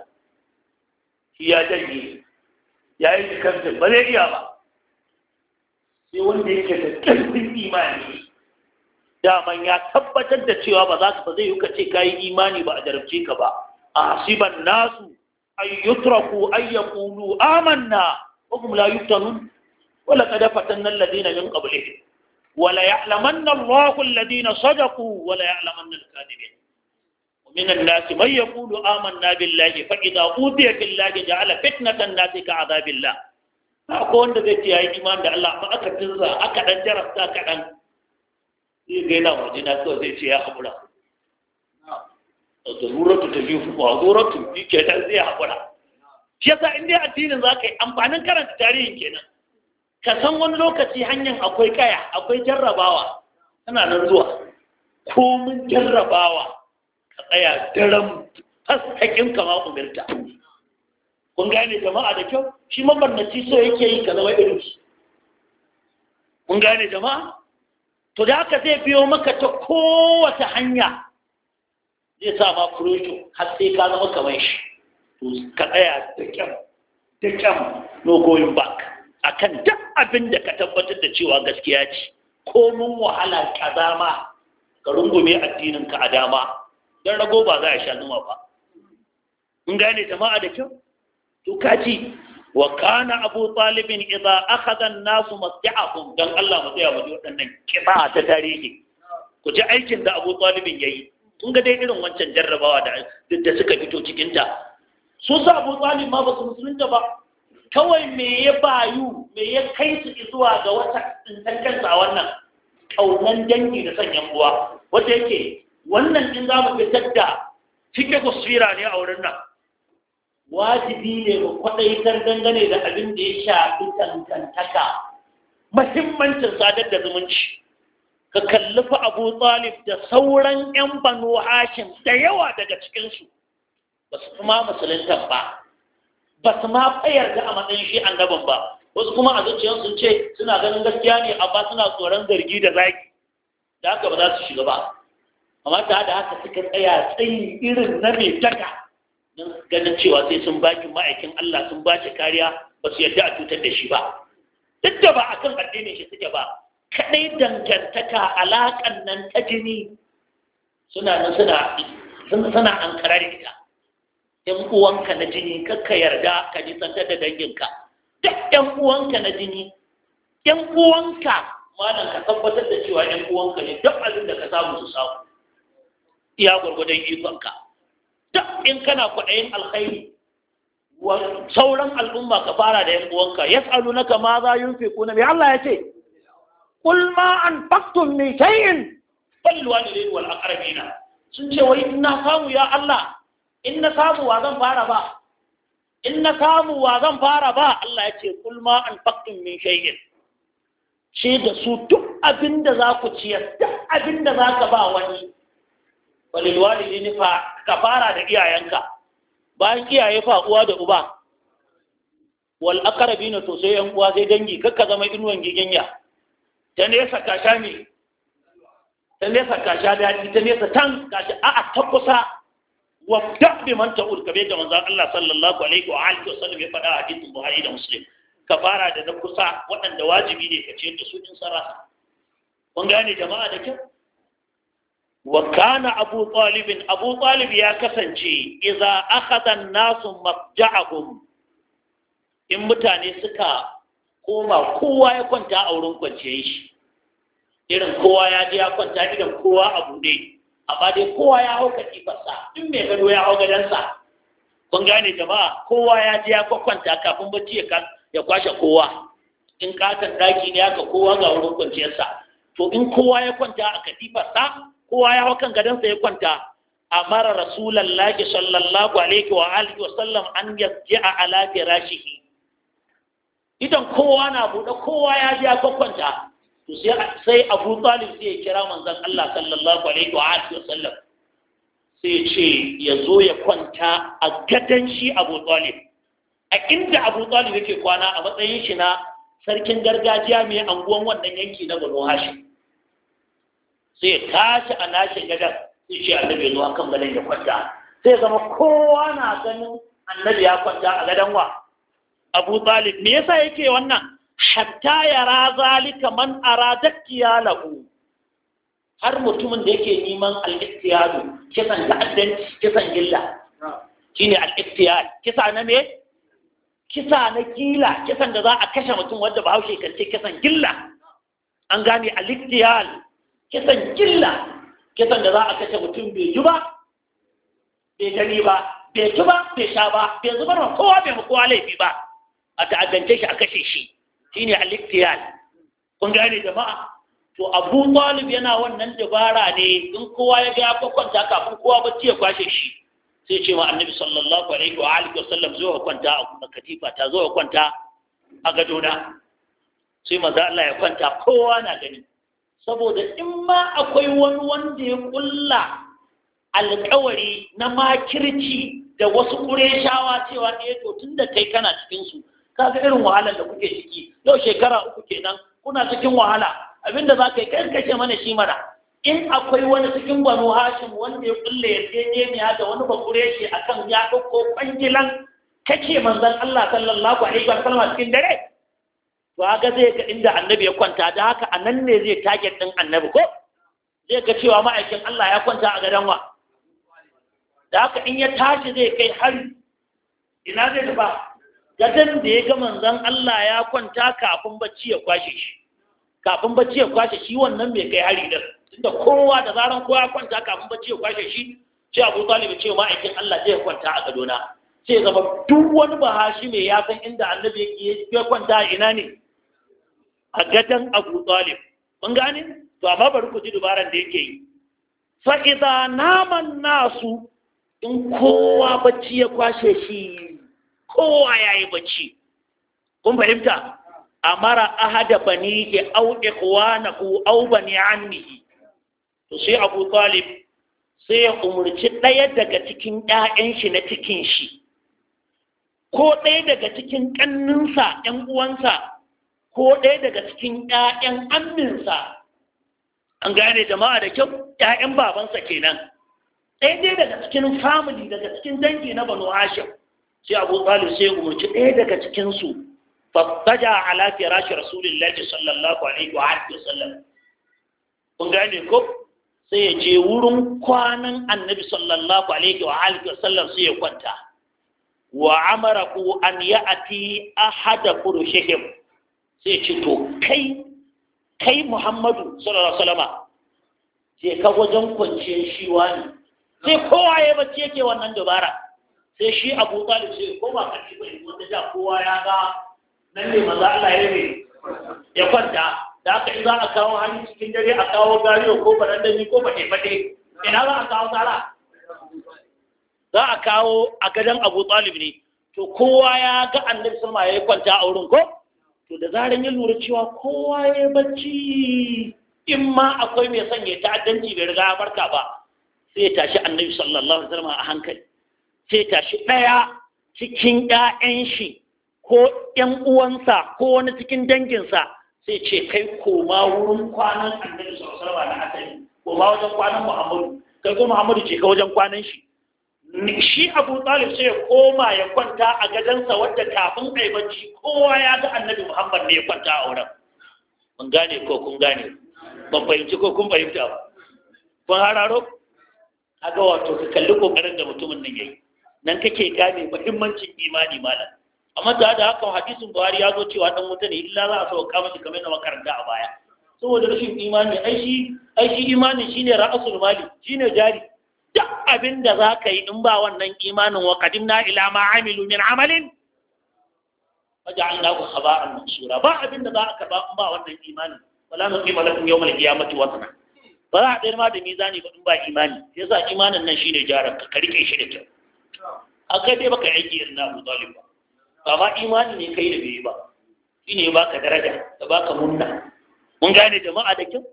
[SPEAKER 1] shi ya janye ya yi kamfin ba zai iya ba sai wanda yake da ƙarfin imani daman ya tabbatar da cewa ba za su ba zai yi kace ce ka yi imani ba a jarabce ka ba a hasiban nasu an yutraku an yaqulu amanna wa hum la yuftanun wala qad fatanna alladhina min qablihim wala ya'lamanna Allahu alladhina sadaqu wala ya'lamanna al-kadhibin ومن الناس من يقول آمنا بالله فإذا أوذي في الله جعل فتنة الناس كعذاب الله akwai wanda zai ce ya da Allah ba aka tunza aka dan jarabta kaɗan zai ga yana waje na kawai ce ya haƙura zaruratu ta biyu fuku zaruratu yi kenan zai shi yasa in dai addinin za ka yi amfanin karanta tarihin kenan ka san wani lokaci hanyar akwai kaya akwai jarrabawa tana nan zuwa komin jarrabawa ka tsaya daren haskakin kama umarta kun gane jama'a da kyau shi mabarnaci so yake yi ka zama irin shi kun gane jama'a to da haka zai biyo maka ta kowace hanya zai sa ma kurosho har sai ka zama kamar shi ka tsaya da kyau, da kyau no ba akan duk abin da ka tabbatar da cewa gaskiya ce komin wahala kazama ka rungume addinin ka a dama don rago ba za a sha zuma ba in gane jama'a da kyau to kaji wa kana abu talibin idza akhadha an-nasu masja'ahum dan Allah mu tsaya mu ji wadannan kiba ta tarihi ku ji aikin da abu talibin yayi kun ga dai irin wancan jarrabawa da da suka fito cikin ta su sa abu talib ma ba su musulunta ba kawai me ya bayu me ya kai su zuwa ga wata tsintan kansa a wannan kaunan dangi da sanyan buwa wata yake wannan din za mu fitar da cike kusura ne a wurin nan wajibi ne mu kan dangane da abin da ya shafi tantantaka Muhimmancin sadar da zumunci ka kalli abu talib da sauran 'yan banu hashim da yawa daga cikinsu ba su kuma musulunta ba ba su ma da a matsayin shi annabin ba wasu kuma a zuciyar sun ce suna ganin gaskiya ne amma suna tsoron zargi da zaki da haka ba za su shiga ba amma ta da haka suka tsaya tsayi irin na mai daga don ganin cewa sai sun baki ma'aikin Allah sun ba shi kariya ba su yarda a cutar da shi ba duk da ba akan addinin shi suke ba kadai dangantaka alaƙan nan ta jini suna nan suna suna da ita yan uwanka na jini kakka yarda ka nisantar da danginka duk yan uwanka na jini yan uwanka malam ka tabbatar da cewa yan uwanka ne duk abin da ka samu su samu iya gwargwadon ikonka duk in kana kwaɗayin alkhairi sauran al'umma ka fara da yan uwanka na ma za fi kuna mai Allah ya ce na. sun ce wai na samu ya Allah in na samu wa zan fara ba in na samu wa zan fara ba Allah ya ce kul ma an faqtum min shay'in ce da su duk abin da za ku ciyar duk abin da za ka ba wani walil walidi fa ka fara da iyayenka bayan iyaye fa uwa da uba wal aqrabina to sai yan uwa sai dangi kakka zama inuwan giginya ta nesa kasha ne ta nesa kasha daɗi ta nesa tan kasha a'a ta kusa wa bi man ta ul kabe da manzon Allah sallallahu alaihi wa alihi wasallam ya faɗa a hadisin Buhari da Muslim kafara da na kusa waɗanda wajibi ne ka ciyar da su in sarasa kun gane jama'a da kyau wa kana abu talib abu talib ya kasance idza akhadha an-nasu mafja'ahum in mutane suka koma kowa ya kwanta a wurin kwanciyar shi irin kowa ya je ya kwanta idan kowa abu buɗe amma dai kowa ya hau katifarsa duk mai gado ya hau gadansa kun gane jama'a kowa ya je ya kwakwanta kafin bacci ya kwashe kowa in katon daki ne haka kowa ga wurin kwanciyarsa to in kowa ya kwanta a katifarsa kowa ya hau kan gadansa ya kwanta amara rasulallahi sallallahu alaihi wa alihi wa sallam an a ala firashihi idan kowa na buɗe kowa ya je ya kwakwanta to sai abu talib sai ya kira manzon Allah sallallahu alaihi wa alihi wasallam sai ya ce ya zo ya kwanta a gadon shi abu talib a inda abu talib yake kwana a matsayin shi na sarkin gargajiya mai anguwan wannan yanki na Bano Hashim sai ya tashi a nashi gadon sai ce annabi ya zo kan gadon ya kwanta sai zama kowa na ganin annabi ya kwanta a gadon wa abu talib me yasa yake wannan hatta yara zalika man aradakkiya lahu har mutumin da yake neman al-iktiyadu kisan ta'addanci kisan gilla shine al-iktiyad kisa na me kisa na kila kisan da za a kashe mutum wanda ba haushe kan ce kisan gilla an gane al-iktiyad kisan gilla kisan da za a kashe mutum bai ji ba bai gani ba bai ci ba bai sha ba bai zubar ma kowa bai mu kowa laifi ba a ta'addance shi a kashe shi shine ne iktiyal kun gane jama'a to abu talib yana wannan dabara ne in kowa ya ga ya kwanta kafin kowa bacci ya kwashe shi sai ce ma annabi sallallahu alaihi wa alihi wasallam zo ka kwanta a kuma katifa ta zo ka kwanta a gadona sai maza Allah ya kwanta kowa na gani saboda in ma akwai wani wanda ya kulla alkawari na makirci da wasu ƙureshawa cewa ɗaya eh, to tun da kai kana cikinsu kaga irin wahalar da kuke ciki yau shekara uku kenan kuna cikin wahala abinda za ka yi kai kashe mana shi mana in akwai wani cikin banu hashim wanda ya kulle ya yarjejeniya da wani bakure shi akan ya ɗauko kwangilan kake manzon Allah sallallahu alaihi wa sallam cikin dare to haka zai ga inda annabi ya kwanta da haka a nan ne zai target ɗin annabi ko zai ga cewa ma'aikin Allah ya kwanta a gadon wa da haka in ya tashi zai kai har ina zai tafa gadon da ya ga zan Allah ya kwanta kafin bacci ya kwashe shi kafin bacci ya kwashe shi wannan mai kai hari da tunda kowa da zaran kowa ya kwanta kafin bacci ya kwashe shi sai Abu Talib ce ma'aikin Allah zai kwanta a gadona sai zama duk wani bahashi mai ya san inda annabi yake ya kwanta a ina ne a gadon Abu Talib kun gane to amma bari ku ji dubaran da yake yi fa idza naman nasu in kowa bacci ya kwashe shi kowa ya yi bacci kun fahimta A mara ahada bani ke au ku au bani annihi to sai Abu Talib sai ya umarci ɗaya daga cikin ƴaƴan shi na cikin shi ko ɗaya daga cikin ƙanninsa ‘yan uwansa ko ɗaya daga cikin ‘ya'yan amminsa an gane jama'a da kyau ‘ya'yan babansa kenan ɗaya daga cikin famili daga cikin dangi na banu hashim sai abu talib sai umarci ɗaya daga cikinsu babbaja ala firashi rasulillahi sallallahu alaihi wa alihi wasallam kun gane ko sai ya je wurin kwanan annabi sallallahu alaihi wa alihi wasallam sai ya kwanta wa amara ku an ya'ati ahada furushihim sai ce to kai kai muhammadu sallallahu alaihi wasallama je ka wajen kwanciyar shi wani sai kowa ya bacci yake wannan dabara sai shi abu da sai ko ba kashi ba wata ja kowa ya ga nan ne maza Allah ya ne ya kwanta da aka yi za a kawo hannun cikin dare a kawo gariyo ko barandami ko ba bade ina za a kawo tsara za a kawo a gadon abu talib ne to kowa ya ga annabi salma ya yi kwanta a wurin ko to da zaran ya lura cewa kowa ya yi bacci in ma akwai mai sanya ta'addanci bai riga ya barka ba sai ya tashi annabi sallallahu alaihi wasallam a hankali sai tashi ɗaya cikin ‘ya'yan shi ko ‘yan uwansa ko wani cikin danginsa sai ce kai koma wurin kwanan annabi sallallahu alaihi na asali koma wajen kwanan muhammadu kai ko muhammadu ce wajen kwanan shi shi abu talib sai ya koma ya kwanta a gadansa wadda kafin kai kowa ya ga annabi muhammad ne ya kwanta a wurin mun gane ko kun gane ban fahimci ko kun fahimta ba kun hararo ga wato ka kalli kokarin da mutumin nan yayi nan kake gane muhimmancin imani malam amma da da haka hadisin buhari ya zo cewa dan wuta illa za a so kama shi kamar na makaranta a baya saboda rashin imani ai shi ai shi imani shine ra'asul mali shine jari duk abinda da za ka yi in ba wannan imanin wa qadimna ila ma amilu min amalin faj'alnahu khaba'an mansura ba abin da za ka ba in ba wannan imanin wala nuqima lakum yawmal qiyamati wazna ba za a tsayar ma da mizani ba in ba imani yasa imanin nan shine jaran ka rike shi da kyau a kai dai baka aiki irin na Abu Talib ba amma imani ne kai da bai ba shine ya baka daraja da baka munna mun gane jama'a da kyau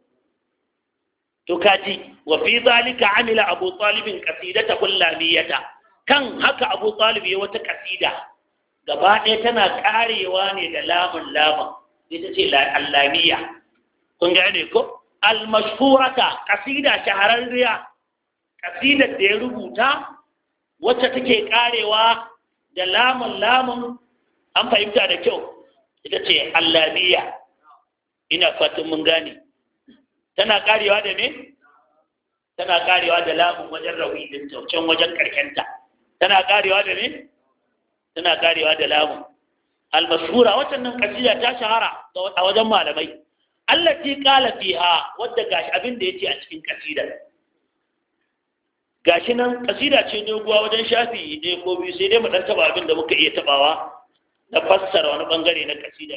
[SPEAKER 1] to kaji wa fi zalika amila Abu Talib qasidata kullamiyata kan haka Abu Talib ya wata kasida gaba ɗaya tana karewa ne da lamun lamun ita ce allamiya kun gane ko al-mashhurata kasida shahararriya kasidar da ya rubuta wacce take karewa da lamun lamun an fahimta da kyau ita ce allamiya ina fatan mun gane tana karewa da me tana karewa da lamun wajen rawi din can wajen karkenta tana karewa da me tana karewa da lamun almasura wacce nan kasida ta shahara a wajen malamai allati qala fiha wadda gashi abin da yace a cikin kasidar gashi nan kasida ce doguwa wajen shafi ne, ko biyu sai dai mu ɗan taba abin da muka iya tabawa,
[SPEAKER 2] na fassara wani
[SPEAKER 1] ɓangare na kasida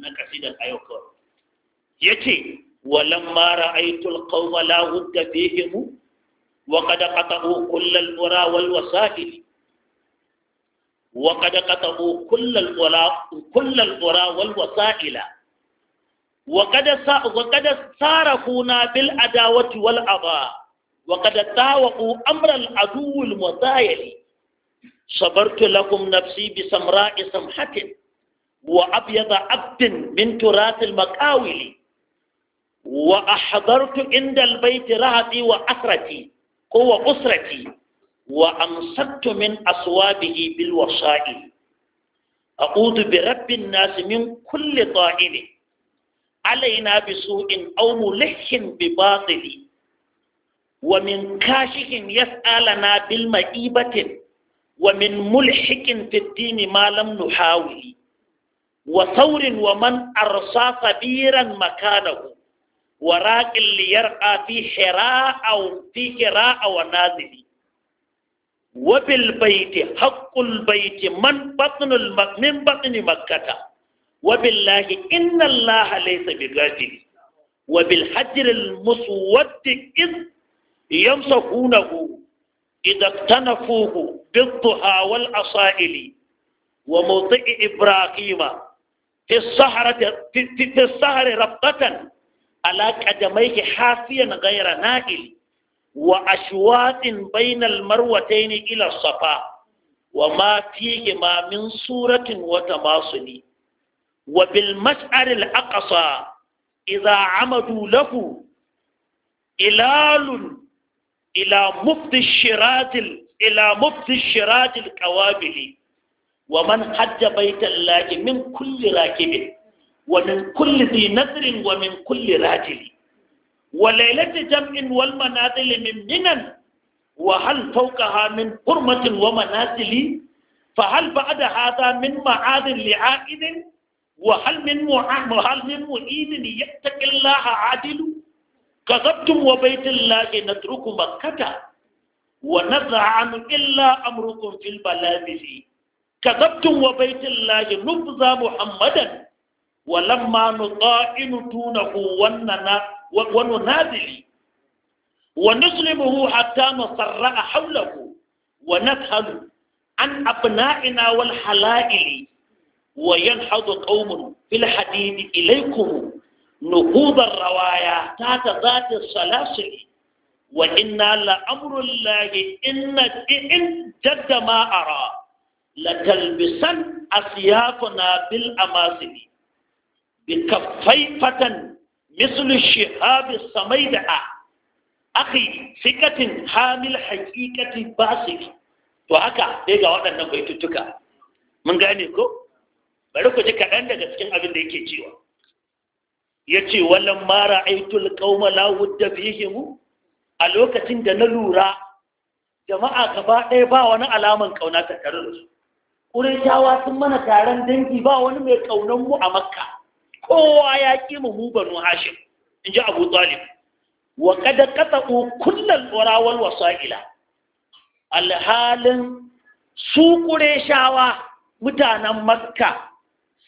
[SPEAKER 1] na kasidan a yau kawai ya ce walan mara aitul qawma la hudda fihim wa qad qata'u kull al ura wal wasail wa qad qata'u kull al ura kull al ura wal wasail wa qad sa wa qad sarakuna وقد تاوقوا أمر العدو المتايل صبرت لكم نفسي بسمراء سمحة وأبيض عبد من تراث المقاول وأحضرت عند البيت رهتي وأسرتي قوة أسرتي وأمسكت من أصوابه بالوصائل أعوذ برب الناس من كل طائل علينا بسوء أو ملح بباطل ومن كاشك يسألنا بالمئيبة ومن ملحك في الدين ما لم نحاول وثور ومن أرصى صبيرا مكانه وراك اللي يرقى في حراء أو في حراء ونازل وبالبيت حق البيت من بطن من بطن مكة وبالله إن الله ليس بغادر وبالحجر المسود إذ yamsakunahu idza tanafuhu bidduha wal asaili wa mawdi'i ibrahima fi sahrati fi sahri rabatan ala qadamayhi hasiyan ghayra na'il wa ashwaqin bayna marwataini marwatayn ila safa wa ma fihi ma min suratin wa tamasuli wa bil mash'ar al aqsa idza amadu lahu ilalun إلى مفت الشراط إلى مفت الشراط الكوابل ومن حج بيت الله من كل راكب ومن كل ذي نذر ومن كل راجل وليلة جمع والمنازل من منن وهل فوقها من حرمة ومنازل فهل بعد هذا من معاذ لعائد وهل من وهل من معيد يتقي الله عادل kazabtum wa baitullahi natruku makkata wa naz'anu illa amrukum fil balabisi kazabtum wa baitullahi nubza muhammadan wa lamma nuta'inu tunahu wannana wa nunadili wa nuslimuhu hatta nusarra'a hawlahu wa nathalu an abna'ina wal hala'ili wa yanhadu qaumun fil hadid ilaykum nuhudar rawaya ta ta zata salasili wa inna la'amurin lage inna in jadda ma'ara latalbisan asiyafuna bil amasili bi kafaifatan mislu shihabi samai da a akhi sikatin hamil hakikati basiri to haka dai ga waɗannan baitutuka mun gane ko bari ku ji kaɗan daga cikin abin da yake cewa Ya ce, wallan ma aitul qauma la wudda mu. a lokacin da na lura jama'a gaba ɗaya ba wani alaman ƙauna ta tare da su shawa sun mana taron dangi ba wani mai kaunan mu a makka kowa ya ƙi mu mu banu hashim ji abu talib wa qad qata'u kullal qura wasa'ila alhalin su shawa mutanen makka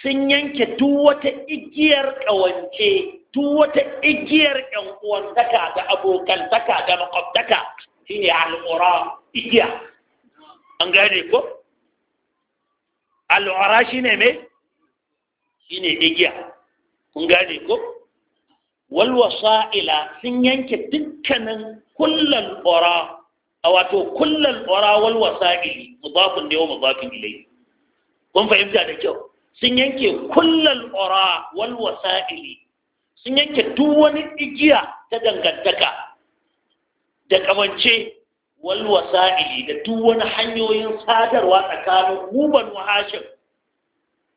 [SPEAKER 1] sun yanke duk wata igiyar ƙawance duk wata igiyar ƴan taka da abokantaka da makwabtaka shine al'ura igiya an gane ko al'ura shine me ne igiya An gane ko wal wasa'ila sun yanke dukkanin kullal ƙura a wato kullal ura wal zafin mudafun ne wa mudafin ilai kun fahimta da kyau sun yanke kullal ora wal wasa'ili sun yanke duk wani igiya ta dangantaka da kamance wal wasa'ili da duk wani hanyoyin sadarwa tsakanin mu wahashin hashim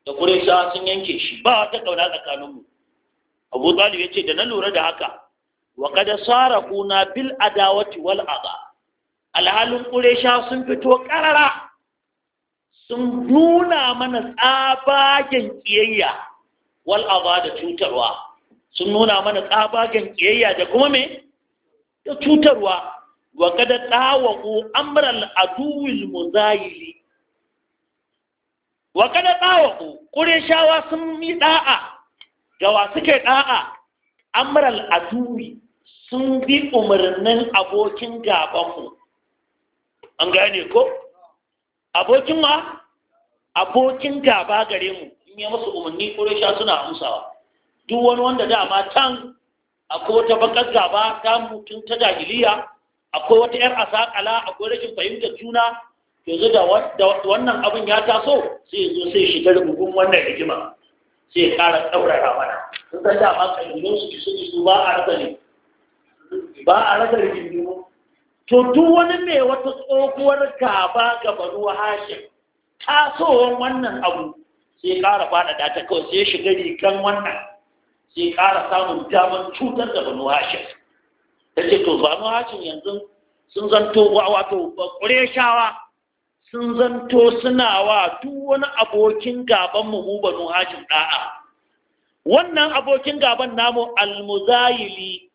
[SPEAKER 1] da quraisha sun yanke shi ba wata kauna tsakanin mu abu talib yace da na lura da haka wa qad na bil adawati wal adha Alhalun quraisha sun fito ƙarara. sun nuna mana tsabagen kiyayya wal da cutarwa sun nuna mana tsabagen kiyayya da kuma me da cutarwa wa kada tsawaku amral aduwil muzayili wa kada tsawaku shawa sun yi ɗa'a ga wa suke ɗa'a amral aduwi sun bi umarnin abokin gabanmu an gane ko abokin ma abokin gaba gare mu in ya masa umarni ƙuraysha suna amsawa duk wani wanda dama can akwai wata bakar gaba ta mutum ta jahiliya akwai wata yar asakala akwai rashin fahimtar juna yanzu da wannan abin ya taso sai zo sai shiga rubugun wannan rigima sai ya ƙara ɗaurara mana sun san dama ƙabilun su ki suke su ba a rasa ne ba a rasa rigingimu to duk wani mai wata tsohuwar gaba gabaru hashim tasowar wannan abu sai ƙara faɗaɗa ta kawai sai shiga rigan wannan sai ƙara samun damar cutar da banu hashim ta ce to banu hashim yanzu sun zanto wato ƙureshawa sun zanto suna wa duk wani abokin gaban mu mu banu hashim ɗa'a wannan abokin gaban namu almuzayili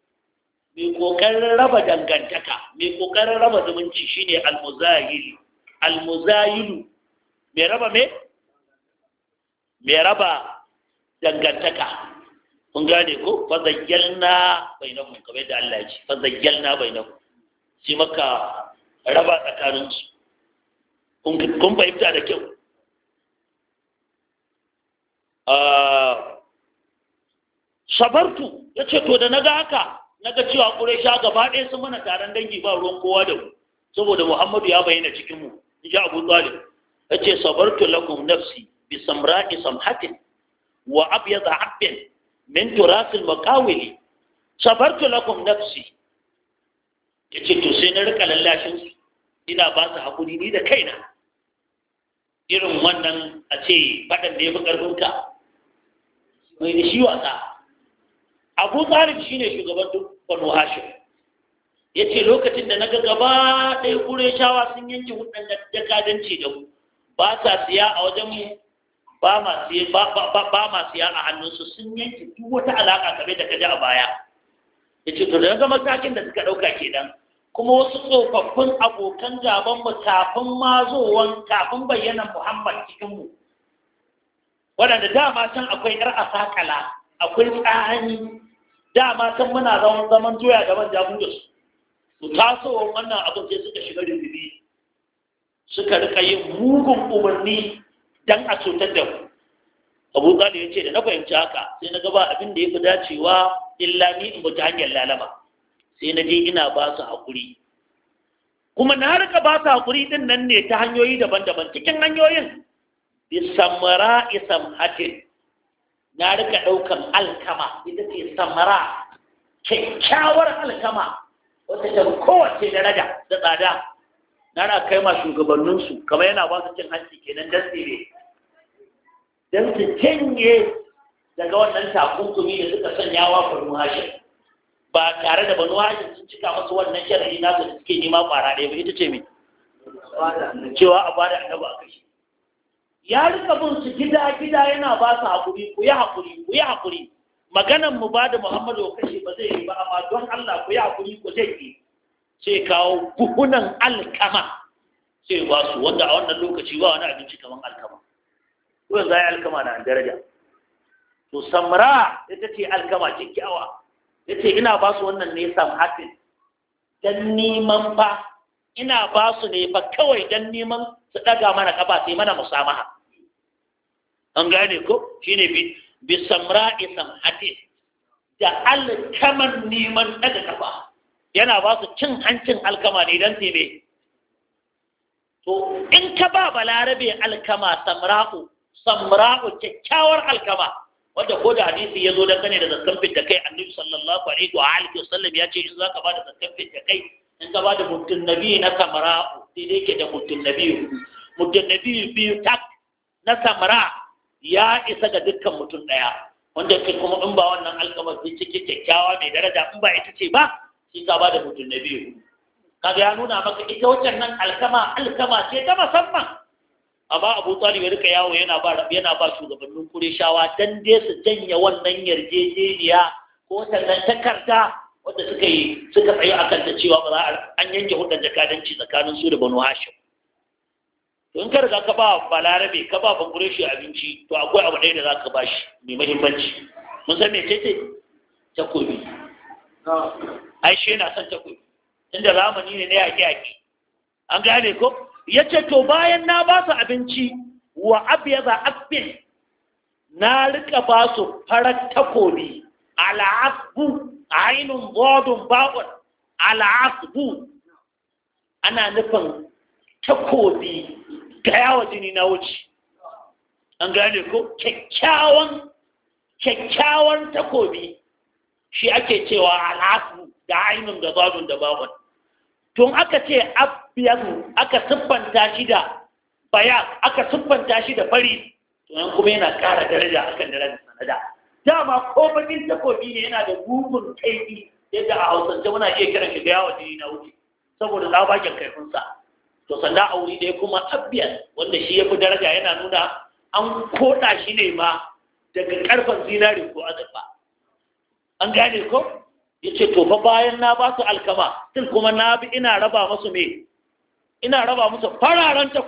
[SPEAKER 1] mai ƙoƙarin raba dangantaka mai ƙoƙarin raba zumunci shine almuzayili almuzayilu mai raba me mai raba dangantaka kun gane ko fa na bainakum kamar da Allah ji. ce na zayyalna bainakum sai maka raba tsakanin su kun fahimta da kyau ah, sabartu ya ce to da na ga haka na ga cewa sha gaba ɗaya sun mana taron dangi ba ruwan kowa da mu saboda muhammadu ya bayyana cikinmu in ji abu talib yace sabartu lakum nafsi bi samra'i samhatin wa abyad abdin min turasil maqawili sabartu lakum nafsi ce to sai na rika lallashin ina ba su hakuri ni da kaina irin wannan a ce faɗan da ya fi ƙarfinka mai da shi wasa abu tsarin shi ne shugaban duk banu hashim ya ce lokacin da na ga gaba ɗaya kure shawa sun yanke hudun da jakadanci da mu ba ta siya a wajenmu ba ma siya a hannunsu sun yanke duk wata alaƙa game da ji a baya ya ce to da ga matakin da suka ɗauka kenan kuma wasu tsofaffin abokan mu kafin mazowan kafin bayyanan muhammad cikinmu waɗanda dama can akwai ‘yar asakala akwai tsahani dama can muna zaman doya da manja mun da su tasowar wannan abin sai suka shiga rububi suka rika yin mugun umarni dan a cutar da mu abu zalu ya ce da na fahimci haka sai na gaba abin da ya fi dacewa illa ni in bi ta hanyar lalama sai na je ina ba su haƙuri kuma na rika ba su haƙuri ɗin nan ne ta hanyoyi daban-daban cikin hanyoyin bisamara isamhatin na rika ɗaukan alkama ita ce samara kyakkyawar alkama wata ta kowace daraja da tsada nana kai ma shugabanninsu kamar yana ba su cin hanci kenan dan tsire dan su canye daga wannan takunkumi da suka sanya wa banu hashim ba tare da banu hashim sun cika masu wannan shari'i na su suke nema kwara ɗaya ba ita ce me cewa a bada annabi a kashi ya rika bin su gida gida yana ba su hakuri ku yi hakuri ku yi hakuri maganan mu ba da muhammadu kashe ba zai yi ba amma don allah ku yi hakuri ku zai yi sai kawo buhunan alkama sai ba su wanda a wannan lokaci ba wani abinci kamar alkama ko za a yi alkama na daraja to samra ita ce alkama kyakkyawa ya ce ina ba su wannan ne sam hatin don neman ba ina ba su ne ba kawai don neman su ɗaga mana ƙafa sai mana musamaha an gane ko shine bi bi samra isam hatin da alkaman neman ɗaga ƙafa yana ba su cin hancin alkama ne don tebe to in ka ba balarabe alkama samra'u samra'u kyakkyawar alkama wanda ko da hadisi ya zo da kane da zaskan fita da kai annabi sallallahu alaihi wa alihi wasallam ya ce in zaka ba da zaskan fita da kai in ka ba da mutum nabi na samra'u sai dai ke da mutum nabi mutum nabi biyu tak na samra ya isa ga dukkan mutum daya wanda ke kuma in ba wannan alkama sai cike kyakkyawa mai daraja in ba ita ce ba shi ka ba da mutum na biyu kaga ya nuna maka ita wajen nan alkama alkama ce ta musamman amma abu talib ya rika yawo yana ba yana ba shugabannin kureshawa dan dai su janye wannan yarjejeniya ko sannan takarda wanda suka yi suka tsaye akan ta cewa ba za an yanke hudar jakadanci tsakanin su da banu hashim to in ka riga ka ba balarabe ka ba bangureshi abinci to akwai abu ɗaya da za ka ba shi mai muhimmanci mun san mece ce takobi aishe na san son takobi inda zamani ne na yaƙi-yaƙi an gane ko ya ce to bayan na ba su abinci wa abiya za abin na rika ba su farar takobi al'asbu ainihin godun ba'un al'asbu ana nufin takobi ga yawon jini na wuce an gane ko kyakkyawan takobi shi ake cewa al'asu da ainihin da zadun da bawon tun aka ce abiyadu aka siffanta shi da baya aka siffanta shi da fari
[SPEAKER 2] tunan kuma yana ƙara daraja
[SPEAKER 1] akan daraja sanada dama ko takobi ne yana da gugun kaifi yadda a hausance muna iya kiran shi da yawa na wuce saboda labagen kaifinsa to sanda a wuri ɗaya kuma abiyad wanda shi ya fi daraja yana nuna an koɗa shi ne ma daga ƙarfen zinari ko azurfa an gane ko ya ce to fa bayan na ba su alkama sun kuma na bi ina raba musu me ina raba musu fararen ta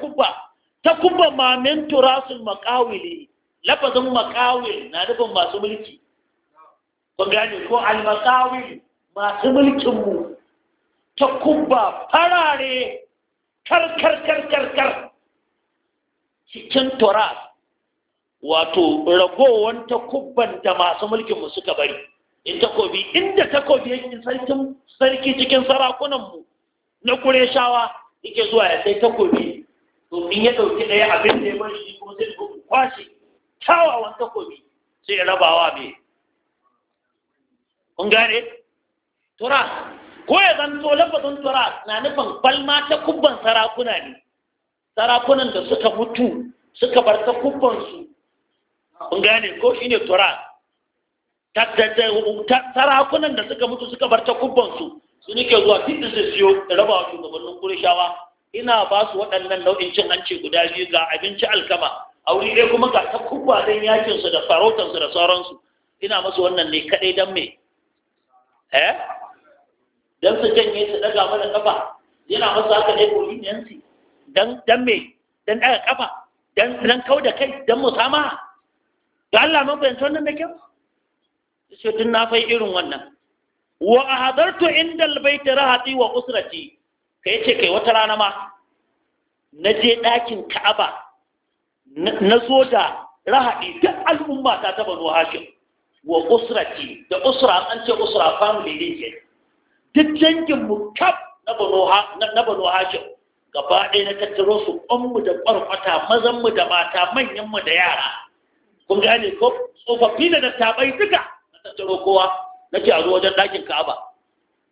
[SPEAKER 1] takubba ma min turasul makawili lafazin makawil na nufin masu mulki kun gane ko almakawil masu mulkin mu kubba farare karkar karkar kar cikin turas wato ragowar takubban da masu mulkin mu suka bari in takobi inda takobi yake sarkin sarki cikin sarakunan mu na kureshawa yake zuwa ya sai takobi domin ya dauki daya abin da ya bar shi ko sai ku kwashi kyawawan takobi sai rabawa me kun gane tura ko ya zanto lafazin tura na nufin falma ta kubban sarakuna ne sarakunan da suka mutu suka bar ta kubban su kun gane ko shine tura sarakunan da suka mutu suka bar kubbansu, su nike zuwa fitin su siyo da raba wa shugabannin kurishawa ina ba su waɗannan nau'in cin hanci guda biyu ga abinci alkama a wuri ɗaya kuma ga takubba don yakinsu da sarautansu da sauransu ina masu wannan ne kaɗai don me eh don su janye su ɗaga mana kafa yana masu haka ne convenience don don me don ɗaga kafa don kau da kai don musama ga Allah mun fahimci wannan da kyau sai tun na fai irin wannan wa a hadartu inda albaita rahati wa usrati ka yace kai wata rana ma na je ɗakin ka'aba na zo da rahaɗi duk al'umma ta taba zo hashim wa usrati da usra an ce usra family ne ke duk dangin mu kaf na bano hashim gaba ɗaya na tattaro su ƙwanmu da ƙwarƙwata mazanmu da mata manyanmu da yara kun gane ko tsofaffi da dattabai duka tattaro kowa nace a zo wajen ɗakin Ka'aba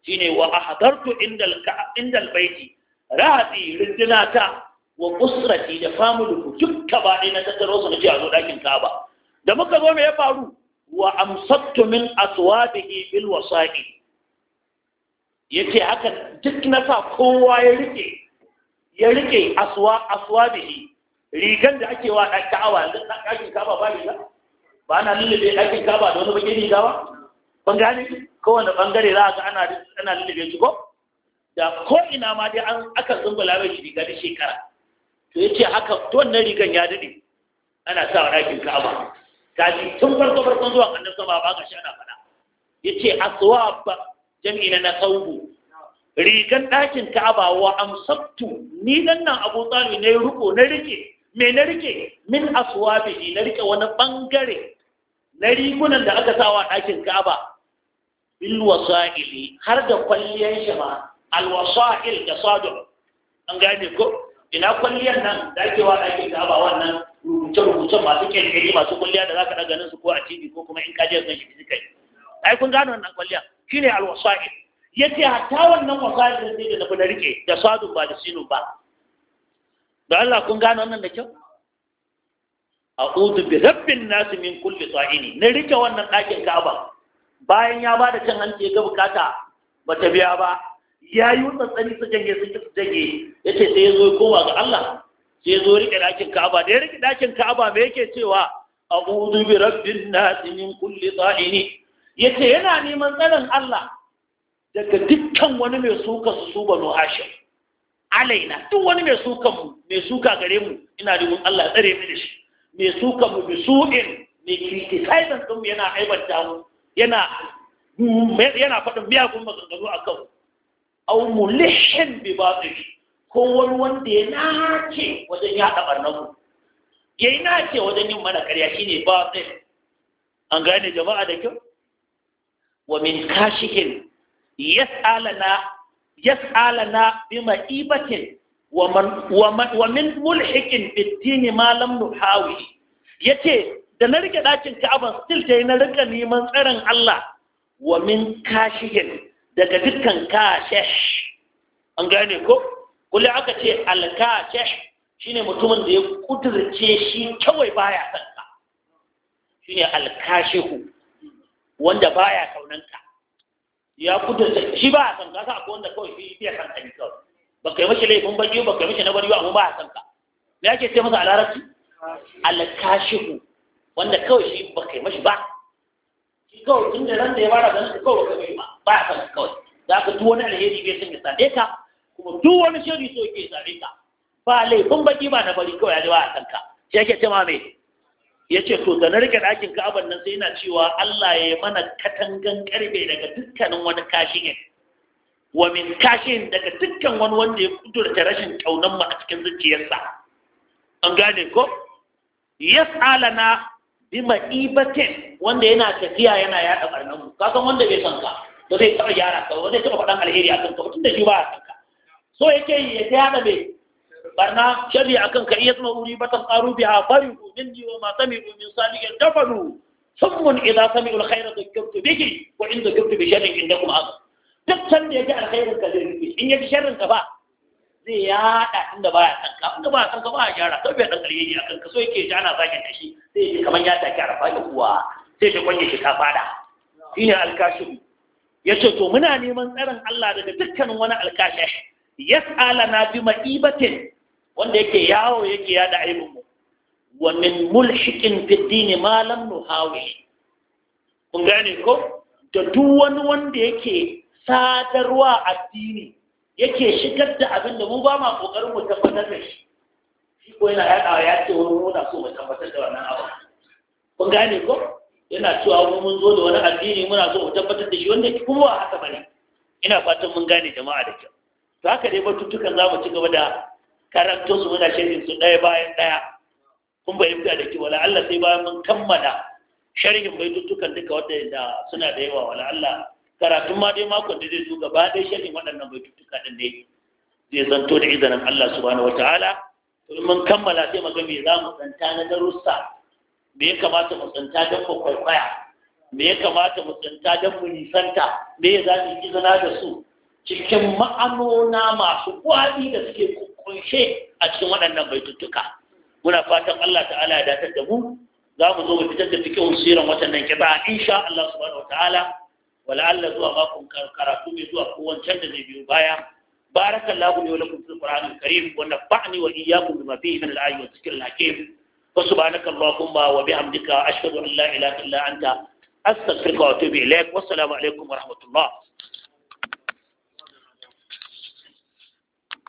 [SPEAKER 1] shine wa ahdartu indal indal baiti rahati rindinata wa usrati da famulu dukka ba na tattaro su nace a zo ɗakin Ka'aba da muka zo me ya faru wa amsattu min aswabihi bil wasaqi ce haka duk na sa kowa ya rike ya rike aswa aswabihi rigan da ake wa Ka'aba yanzu ɗakin Ka'aba ba riga ba na lullube ɗakin kaba da wani bakin riga ba ban gane kowane bangare za a ga ana lullube su ko da ko ina ma dai an aka zumbula mai riga da shekara to ce haka to wannan rigan ya dade ana sa ɗakin kaba kaji tun farko farkon zuwa annabi sama ba ga shi ana faɗa yace ba jami'i na saubu rigan ɗakin kaba wa amsabtu ni nan nan abu tsami na yi rubo na rike me na rike min aswabihi na rike wani bangare na rigunan da aka sawa ɗakin Ka'aba bil wasa'ili har da kwalliyar shi ma al wasa'il da sadu an gane ko ina kwalliyar nan da ake wa ɗakin Ka'aba wannan rubuce-rubuce masu kyankyani masu kwalliya da za ka ɗaga su ko a TV ko kuma in ka je zan shi kai. ai kun gano wannan kwalliya shine al wasa'il yace hatta wannan wasa'il sai da na rike da sadu ba da sinu ba da Allah kun gano wannan da kyau a'udhu bi rabbin nasu min kulli ne na rike wannan ɗakin Ka'aba bayan ya ba da cin hanci ga bukata ta biya ba ya yi wutsa tsari su janye su su janye ce sai ya zo koma ga Allah sai ya zo rike ɗakin Ka'aba da ya rike ɗakin Ka'aba me yake cewa a'udhu bi rabbin nasu min kulli
[SPEAKER 2] Ya ce yana
[SPEAKER 1] neman tsarin Allah daga dukkan wani mai suka su su banu Hashim alaina duk wani mai suka mu mai suka gare mu ina neman Allah tsare mu da shi mai suka mu bi su'in mai criticizing din yana aibata mu yana yana faɗin miyagun maganganu a kan au mulishin bi batil ko wani wanda ya nace wajen yaɗa ɓarnar mu ya yi nace wajen yin mana ƙarya ne batil an gane jama'a da kyau wa min kashihin yas'alana yas'alana bi ma'ibatin wa min mulhikin fitini ma lam nuhawi yace da na rike ɗakin Ka'aba still ta na rika neman tsarin Allah wa min kashihin daga dukkan kashish an gane ko kulli aka ce al kashish shine mutumin da ya kudurce shi kawai baya san ka shine al kashihu wanda baya kaunanka ya kudurce shi ba san ka sa akwai wanda kawai shi ya san ka kawai ba kai mashi laifin ba ba kai mashi na ban amma ba a san ka me yake ce masa a larabci alkashihu wanda kawai shi ba kai mashi ba shi kawai tun da ran da ya fara ganin shi kawai ba kai ba ba a san ka kawai za ka duk wani alheri bai san ya sade ka kuma duk wani shiri so yake sade ka ba laifin baki ba na bari kawai ya ba a san ka shi yake ce ma me ya ce to da na rike ɗakin ka'aban nan sai yana cewa Allah ya mana katangan karfe daga dukkanin wani kashin wa min kashin daga dukkan wani wanda ya kudurta rashin kaunan mu a cikin zuciyarsa an gane ko yas'alana bi ma'ibatin wanda yana tafiya yana yada barnan mu san wanda bai san ka ba zai taba yara ka ba zai taba fadan alheri a kanka tunda shi ba a kanka so yake ya ta yada mai barna shari a kanka iya zama wuri ba ta tsaro bi a fari min wa ma sami min sani ya dafa sun mun idan sami ulkhaira da kyautu biki wa inda kyautu bi shari inda kuma aka duk can da ya ji alkhairin ka zai rufe in ya ji sharrin ka ba zai yaɗa inda ba ya san ka inda ba ya san ba ya gyara kawai bai dan kare yayi A ka so yake ji ana zagin da shi Zai ji kamar ya take arafa ya kuwa sai ta kwanye shi ta fada shine alkashin ce to muna neman tsarin Allah daga dukkanin wani alkashin na bi ma'ibatin wanda yake yawo yake yada aibin mu wa min mulhiqin fi dini ma lam nuhawi kun gane ko da duk wani wanda yake sadarwa addini yake shigar da abin da mu ba ma ƙoƙarin mu tabbatar da shi shi ko yana yaɗawa ya ce wani muna so mu tabbatar da wannan abu kun gane ko yana cewa mu mun zo da wani addini muna so mu tabbatar da shi wanda kuma ba haka bane ina fatan mun gane jama'a da kyau to haka dai batutukan za mu ci gaba da karanto su muna shirin su ɗaya bayan ɗaya kun fahimta da kyau wala Allah sai bayan mun kammala sharhin baitutukan duka wanda suna da yawa wala Allah karatun ma dai makon da zai zo gaba dai shirin waɗannan baitutuka ɗin ne zai zanto da izinin Allah subhanahu wataala to mun kammala sai maga me za mu tsanta na darussa me ya kamata mu tsanta don mu kwaikwaya me ya kamata mu tsanta don mu nisanta me ya za mu izina da su cikin ma'anona masu gwaɗi da suke kunshe a cikin waɗannan baituttuka? muna fatan Allah ta'ala ya datar da mu za mu zo mu fitar da cikin siran watannan kiba insha Allah subhanahu wataala wala'alla zuwa makon karatu mai zuwa ko da zai biyu baya barakallahu li wa lakum fil qur'anil karim wa nafa'ni wa iyyakum bima fihi min al-ayati wa dhikril hakim wa subhanaka allahumma wa bihamdika ashhadu an la ilaha illa anta astaghfiruka wa atubu ilaik wa assalamu alaikum wa rahmatullah